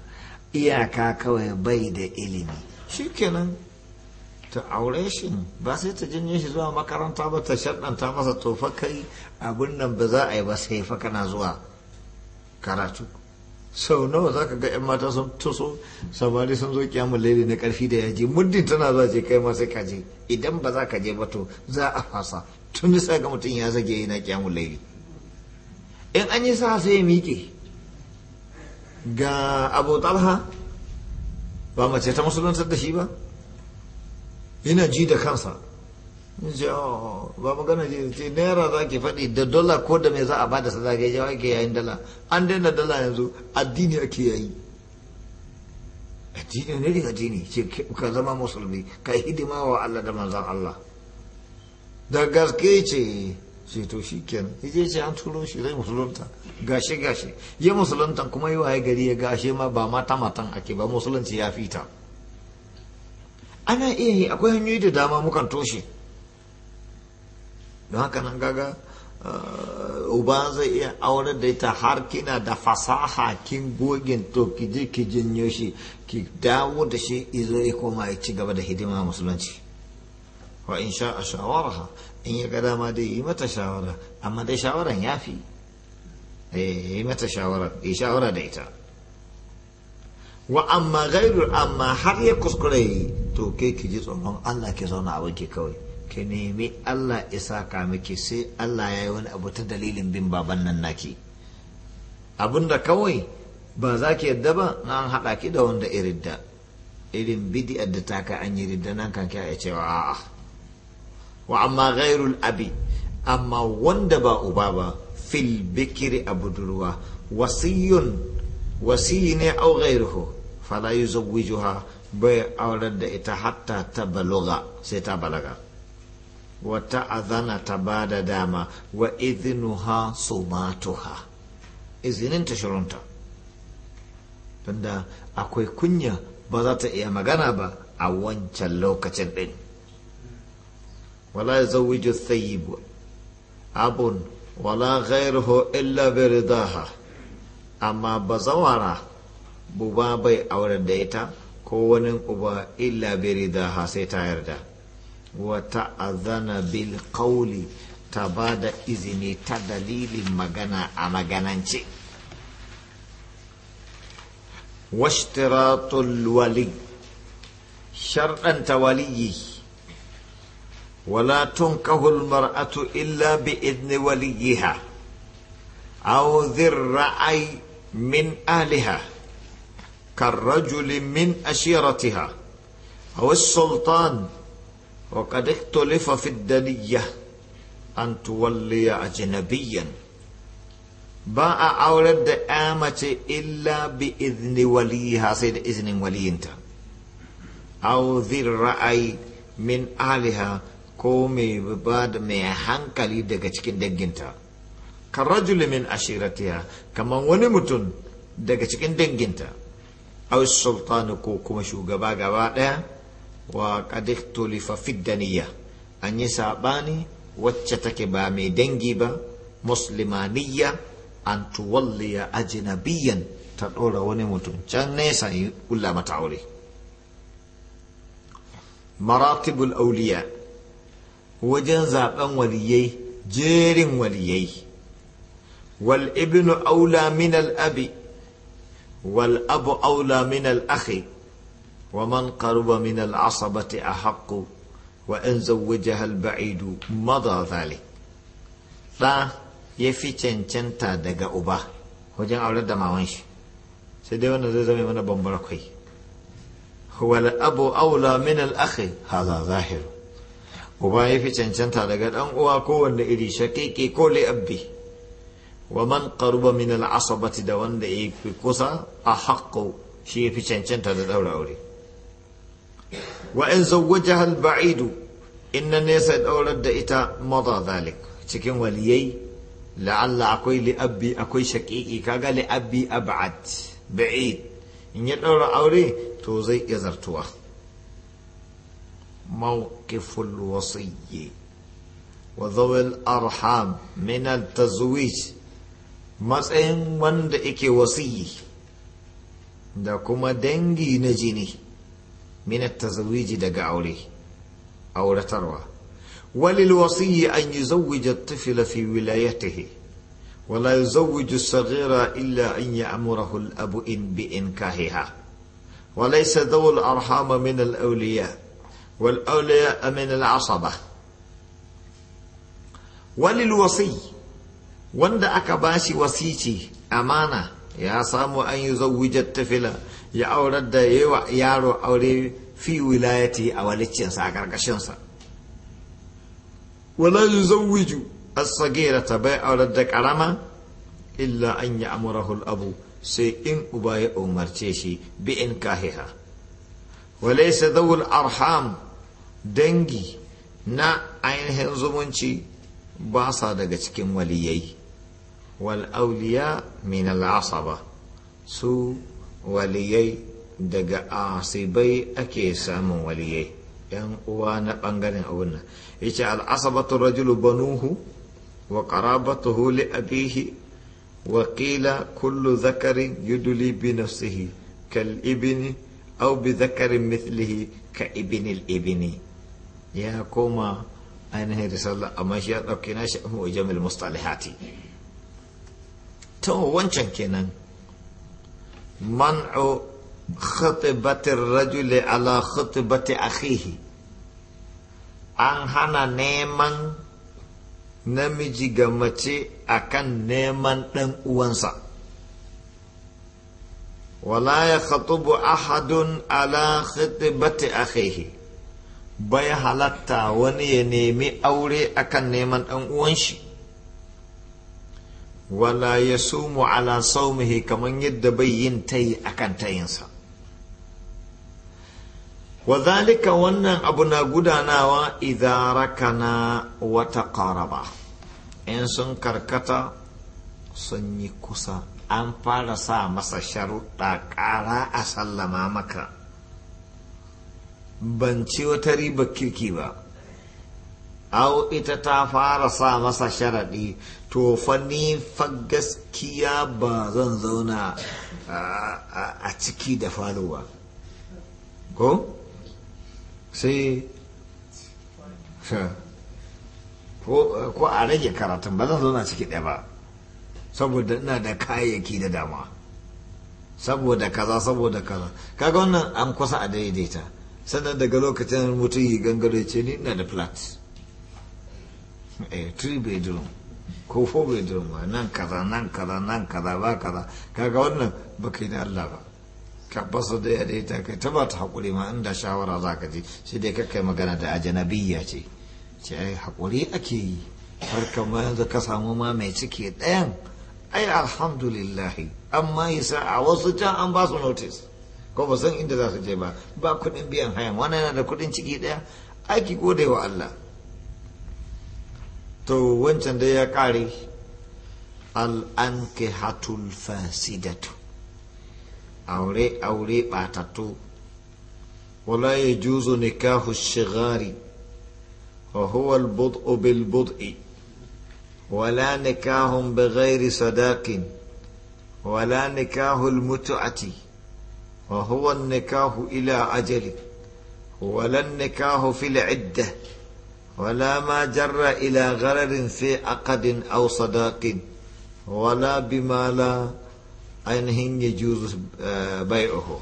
iyaka kawai bai da ilimi shi kenan ta aure shi ba sai ta janye shi zuwa makaranta ba ta shaɗanta masa tofa kai abin nan ba za a yi ba sai fa kana zuwa karatu sau nawa za ka ga 'yan mata sun tuso samari sun zo kyamun laili na karfi da yaji muddin tana za je kai ma sai ka je idan ba za ka je ba to za a fasa tun sa ga mutum ya zage yana kyamun laili in an yi sa sai ya miƙe ga abu talha ba mace ta musulunta da shi ba yana ji da kansa Oh, ba magana ce ce naira za ki faɗi da dola ko da mai za a bada sadaka ya ke yayin dala an daina dala yanzu addini ake yayi addini ne addini ce ka zama musulmi ka hidima wa Allah da manzan Allah da gaske ce ce to shi kenan ya ce an turo shi zai musulunta gashe gashe ya musulunta kuma yi waye gari ya gashe ma ba mata matan ake ba musulunci ya fita ana iya yi akwai hanyoyi da dama mukan toshe don haka nan gaga eh, uba zai iya aure da ita har kina da fasaha kin gogin to ki je ki janyo shi ki dawo da shi izo ya koma ya ci gaba da hidima musulunci wa in sha a shawara in ya gada ma dai yi mata shawara amma dai shawaran ya fi eh, yi mata shawara yi shawara da ita wa amma gairu amma har ya kuskure to ke ki ji tsoron Allah ki zauna a wanke kawai ki nemi Allah isa ka miki sai Allah ya yi wani abu ta dalilin bin baban nan naki abinda kawai ba za ki yadda ba an haɗa ki da wanda irin da irin bidiyar da ta ka an yi ridda nan kan kya ya cewa a'a wa amma ghairul abi amma wanda ba uba ba fil bikiri a budurwa wasiyun wasiyi ne au ghairuhu fala yuzawwijuha bai aurar da ita hatta ta balaga sai ta balaga wata azana ta ba da dama wa izinuha sumatuha izininta shirunta tunda akwai kunya ba za ta iya magana ba a wancan lokacin ɗin wala zawiju thayyibu abun wala ghairuhu illa biridaha amma ba zawara buba bai aure da ita ko wani uba illa biridaha sai ta yarda وتأذن بالقول تبادى إذني تدليل مغنى أمغنانشي واشتراط الولي شرطا توليه ولا تنكه المرأة إلا بإذن وليها أو ذي الرأي من أهلها كالرجل من أشيرتها أو السلطان وقد اختلف في الدنية أن تولي أجنبيا باء أولد آمة إلا بإذن وليها سيد إذن ولينت أو ذي الرأي من أهلها كومي بباد مي هنكلي دقا چكين دنجنتا كالرجل من أشيرتها كما ونمتن دقا چكين دنجنتا أو السلطان كو كما شو غبا غبا وقد اختلف في الدنيا أن يساباني واتشتك بامي دنجيبا مسلمانية أن تولي أجنبيا تقول ونمتن جنسا ولا متعولي مراتب الأولياء وجن زابن وليي جيرن وليي والابن أولى من الأب والأب أولى من الأخ ومن قرب من العصبة أحق وإن زوجها البعيد مضى ذلك لا يفي تنتنتا دقا أبا وجن أولاد ما وانش سيديونا زي من بمبركوي هو الأب أولى من الأخ هذا ظاهر uba ya fi cancanta daga ɗan uwa kowanne iri shakiki ko li'abbi wa man qaruba min al'asabati da wanda ya fi kusa a haƙƙo shi ya fi cancanta da ɗaura aure وإن زوجها البعيد nesa الناس da ita مضى zalik cikin waliyai la'alla akwai li'abbi akwai shaƙiƙi kaga li'abbi ab'ad ba'id in ya ɗaura aure to zai iya zartuwa mawqiful wasiyyi wa zawil arham min tazwij matsayin wanda yake wasiyyi da kuma dangi na jini من التزويج دقى عليه أو لتروى وللوصي أن يزوج الطفل في ولايته ولا يزوج الصغير إلا أن يأمره الأب إن بإنكاهها وليس ذو الأرحام من الأولياء والأولياء من العصبة وللوصي وند أكباشي وصيتي أمانة يا سامو أن يزوج الطفل ya aurar da yawa yaro aure fi wilayati a walicinsa a ƙarƙashinsa wala yuzawwiju as-sagira ta bai aurar da ƙarama illa an yi amurahul abu sai in uba ya umarce shi bi in kahiha walaysa zawul arham dangi na ainihin zumunci ba sa daga cikin waliyai wal auliya min al asaba su waliyai daga asibai ake samun waliyai yan uwa na bangaren abun nan yace asabatu rajulu banuhu wa qarabatuhu li abihi wa qila kullu zakarin yuduli bi nafsihi kal ibni aw bi zakarin mithlihi ka ibni al ibni ya koma ainihin risala amma shi ya dauke nashi a jamil mustalihati to wancan kenan منع خطبة الرجل على خطبة أخيه an hana neman namiji ga mace akan neman ɗan uwansa wala ya khatubu ahadun ala khitibati akhihi bai halatta wani ya nemi aure akan neman ɗan uwanshi. wala ya sumu ala saumihi kamar yadda bai yin tayi kan tayinsa wa zalika wannan abu na gudanawa idza wata wa in sun karkata sun yi kusa an fara sa masa sharuɗa ƙara a sallama maka ban ci wata riba kirki ba au ita ta fara sa masa sharaɗi to fa ni fa gaskiya ba zan zauna a ciki da falo ba ko sai ko a rage karatun ba zan zauna ciki ɗaya ba saboda ina da kayayyaki da dama saboda kaza saboda kaza kaga wannan an kusa a daidaita sannan daga lokacin mutum yi gangare ce ni ina da plats eh bedroom ko four bedroom ba nan kaza nan kaza nan kaza ba kaza kaga wannan ba kai da Allah ba ka basa da ya ta kai ta ba ta hakuri ma inda shawara za ka ji sai dai ka kai magana da ajanabiyya ce ce ai hakuri ake yi har kama yanzu ka samu ma mai ciki ɗayan ai alhamdulillahi amma yasa a wasu can an ba su notice ko ba san inda za su je ba ba kuɗin biyan hayan wani yana da kuɗin ciki ɗaya aiki gode wa Allah to wancan da ya ƙare al'ankihatul fasidatu aure aure ɓatattu wala ya juzo nikahu shigari wa huwa al-bud'u bil bud'i ولا نكاح بغير صداق ولا نكاح المتعة وهو النكاح إلى أجل ولا النكاح في العدة ولا ما جر إلى غرر في عقد أو صداق ولا بما لا أنهن يجوز بيعه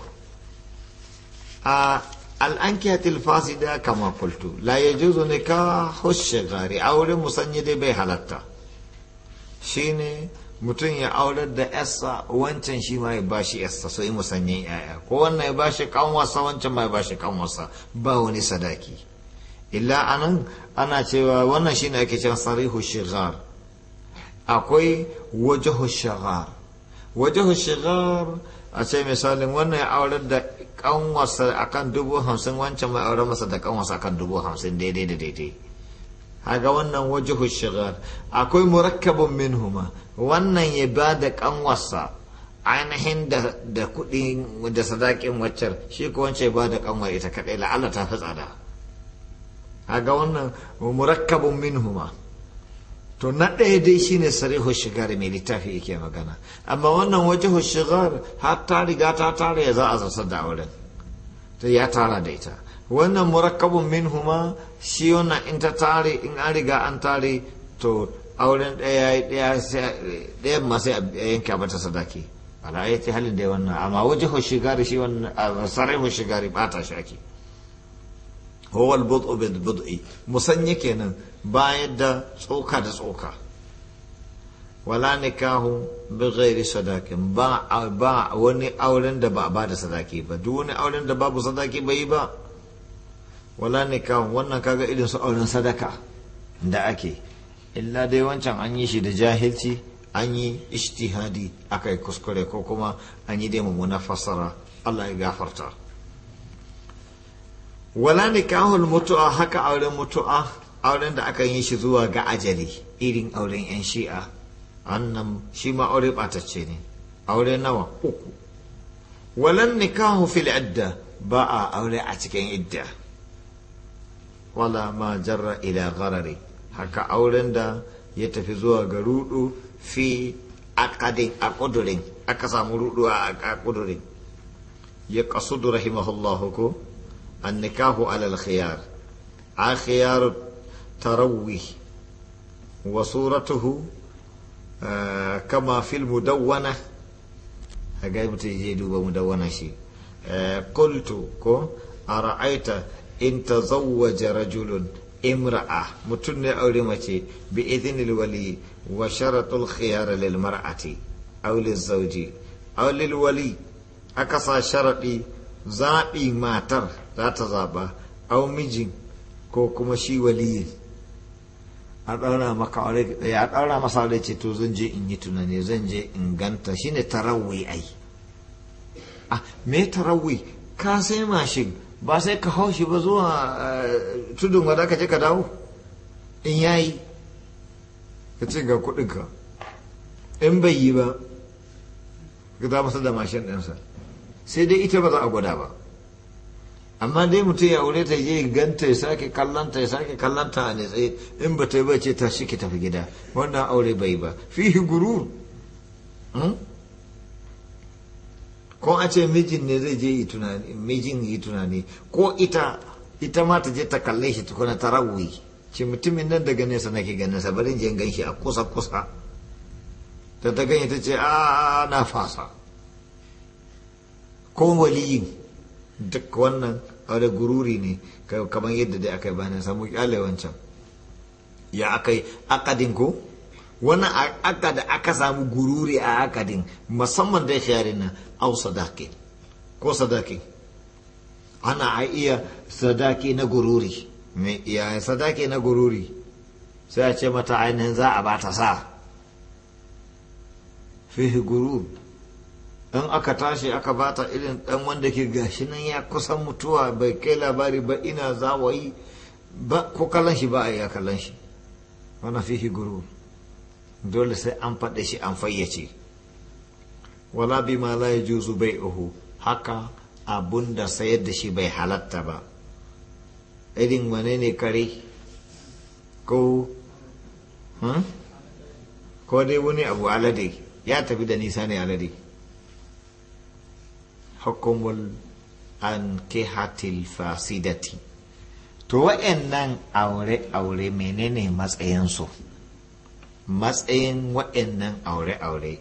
آه الأنكية الفاسدة كما قلت لا يجوز نكاح الشغار أو المسند بحلتا شيني mutum ya aurar da yarsa wancan shi ma ya bashi yarsa sai musanyen yaya ko wannan ya bashi kanwarsa wancan ma ya bashi kanwarsa ba wani sadaki illa anan ana cewa wannan shine ake cewa sarihu shigar akwai wajahu shigar wajahu shigar a ce misalin wannan ya aurar da a kan dubu hamsin wancan mai aurar masa da a akan dubu hamsin daidai da daidai haga wannan wajahu shigar akwai murakkabin minhuma wannan ya ba da kanwarsa ainihin da kuɗi da sadakin waccar shi ko wance ba da kanwar ita kaɗai la'alla ta fi tsada ga wannan murakkabun minhuma to na ɗaya dai shine sarihu shigar mai littafi yake magana amma wannan waje shigar har ta riga ta tara ya za a zarsa da auren ta ya tara da ita wannan murakkabun minhuma shi wannan in ta tare in an riga an tare to auren ɗaya ɗaya masu sai a yanka mata sadaki ala ayati halin da wannan amma wajihu shigar shi wannan sarihu shigari ba ta shaki huwa al-bud'u bil bud'i musanye kenan bayar da tsoka da tsoka wala nikahu bi ghairi sadakin ba ba wani auren da ba ba da sadaki ba duk wani auren da babu sadaki bai ba wala nikahu wannan kaga irin su auren sadaka da ake illa dai wancan an yi shi da jahilci an yi ijtihadi akai kuskure ko kuma an yi dai mummuna fassara Allah ya gafarta wala nikahul mutu'a haka auren mutu'a auren da aka yi shi zuwa ga ajali irin auren yan shi'a annan shi ma aure batacce ne aure nawa uku walan nikahu fil idda ba a aure a cikin idda wala ma jarra ila gharari haka auren da ya tafi zuwa ga rudu fi aqadin aqdurin aka samu rudu a kudurin ya qasudu rahimahullahu ko النكاح على الخيار خيار تروي وصورته آه كما في المدونة هجايب تجيدوا بمدونة شيء آه قلت كو أرأيت إن تزوج رجل امرأة متن أولمتي بإذن الولي وشرط الخيار للمرأة أو للزوج أو للولي أكسى شرطي zaɓi matar za ta zaɓa au mijin ko kuma shi waliyin a ɗaura maka aure eh, a ɗaura masa aure ce to zan je in yi tunani zan je in ganta shine ne ai a me tarawai ka sai mashin ba sai ka hau shi ba zuwa eh, tudun wadda ka je ka dawo in yayi ka ce ga kuɗinka in bai yi ba ka da masa da mashin ɗinsa sai dai ita ba za a gwada ba amma dai mutum ya aure ta je ganta ya sake kallanta ya sake kallanta a nitsaye in ba ta yi bace ta shi ki tafi gida wannan aure bai ba fihi gurur hmm? ko a ce mijin ne zai je yi tunani mijin yi tunani ko ita ita ma ta je ta kalle shi tukuna ta rawuyi ce mutumin nan daga nesa nake ganin sa je gan shi a kusa kusa ta ta ganye ta ce a na fasa ko waliyin duk wannan aure gururi ne kamar yadda dai aka yi bayan samu kyale wancan ya aka yi akadin ko wannan aka da aka samu gururi a akadin musamman da ya na au sadaki ko sadaki ana a iya sadaki na gururi mai iya sadaki na gururi sai a ce mata ainihin za a bata sa fihi gururi in aka tashi aka bata irin dan wanda ke gashi nan ya kusan mutuwa bai kai labari ba ina zawayi ba ko kallon shi ba a iya kallon shi wani fihi guru dole sai an faɗe shi an fayyace wala bi ma la yajuzu bai'uhu haka abun da sayar da shi bai halatta ba irin wane ne kare ko hmm? ko dai wani abu alade ya tafi da nisa ne alade hukumul ankihatil fasidati to wa'annan aure-aure menene matsayinsu matsayin wa'annan aure-aure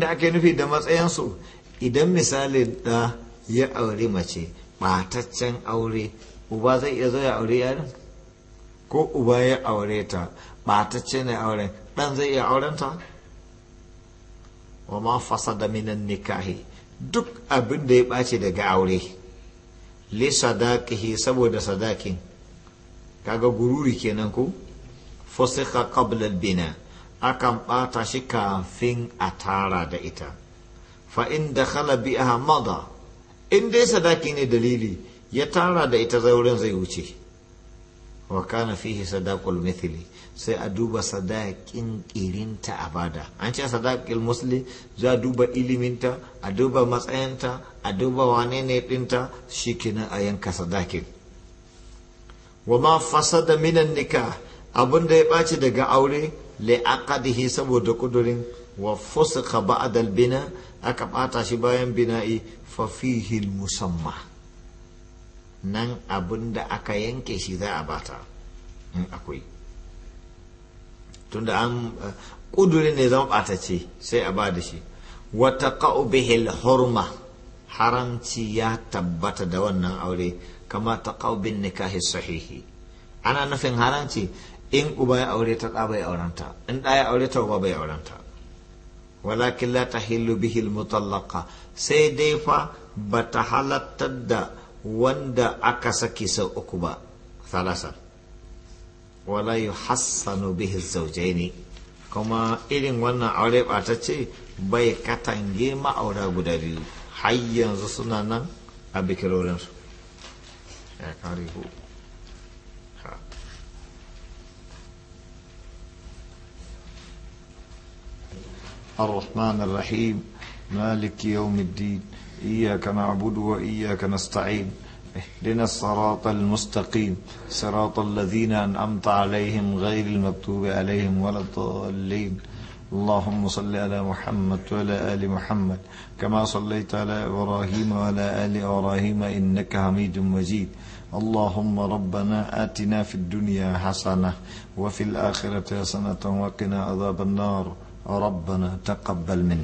da ake nufi da matsayinsu idan misali da ya aure mace ɓataccen aure uba zai iya zai aure yarin ko uba ya aure ta ne auren ɗan zai iya aurenta wa ma fasa da minan nikahi duk abin da ya ɓace daga aure li sadaqihi saboda sadakin kaga gururi kenan ko fusikha qabla bina akan ɓata shi kafin a tara da ita fa in dakhala biha mada in dai sadaki ne dalili ya tara da ita zauren zai wuce wa kana fihi sadaqul mithli sai a duba sadakin kirinta a bada an ce sadakin muslim za a duba iliminta a duba matsayinta a duba wane ne dinta kina a yanka sadakin wa ma fasada minan nika abinda da ya ɓaci daga aure la'akadihi saboda kudurin wa fusa ka ba'dal bina aka ɓata shi bayan bina'i fa musamma nan abin da aka yanke shi za a bata in akwai tunda an kuduri eh, ne zama ɓatace sai a ba da shi wata bihil hurma haramci ya tabbata da wannan aure kama ta bin nikahi sahihi ana nufin haramci in uba ya aure ta ɗa aurenta in ɗaya aure ta uba bai aurenta walakin la ta hilu bihil mutallaka sai dai fa ba ta halattar da wanda aka saki sau uku ba salasa wala hassanu bihi ne kuma irin wannan aure ce bai katange ma'aura guda biyu har yanzu suna nan a bikirorinsu ya kare ku الرحمن الرحيم مالك يوم الدين إياك نعبد وإياك نستعين اهدنا الصراط المستقيم صراط الذين أنعمت عليهم غير المكتوب عليهم ولا الضالين اللهم صل على محمد وعلى آل محمد كما صليت على إبراهيم وعلى آل إبراهيم إنك حميد مجيد اللهم ربنا آتنا في الدنيا حسنة وفي الآخرة حسنة وقنا عذاب النار ربنا تقبل منا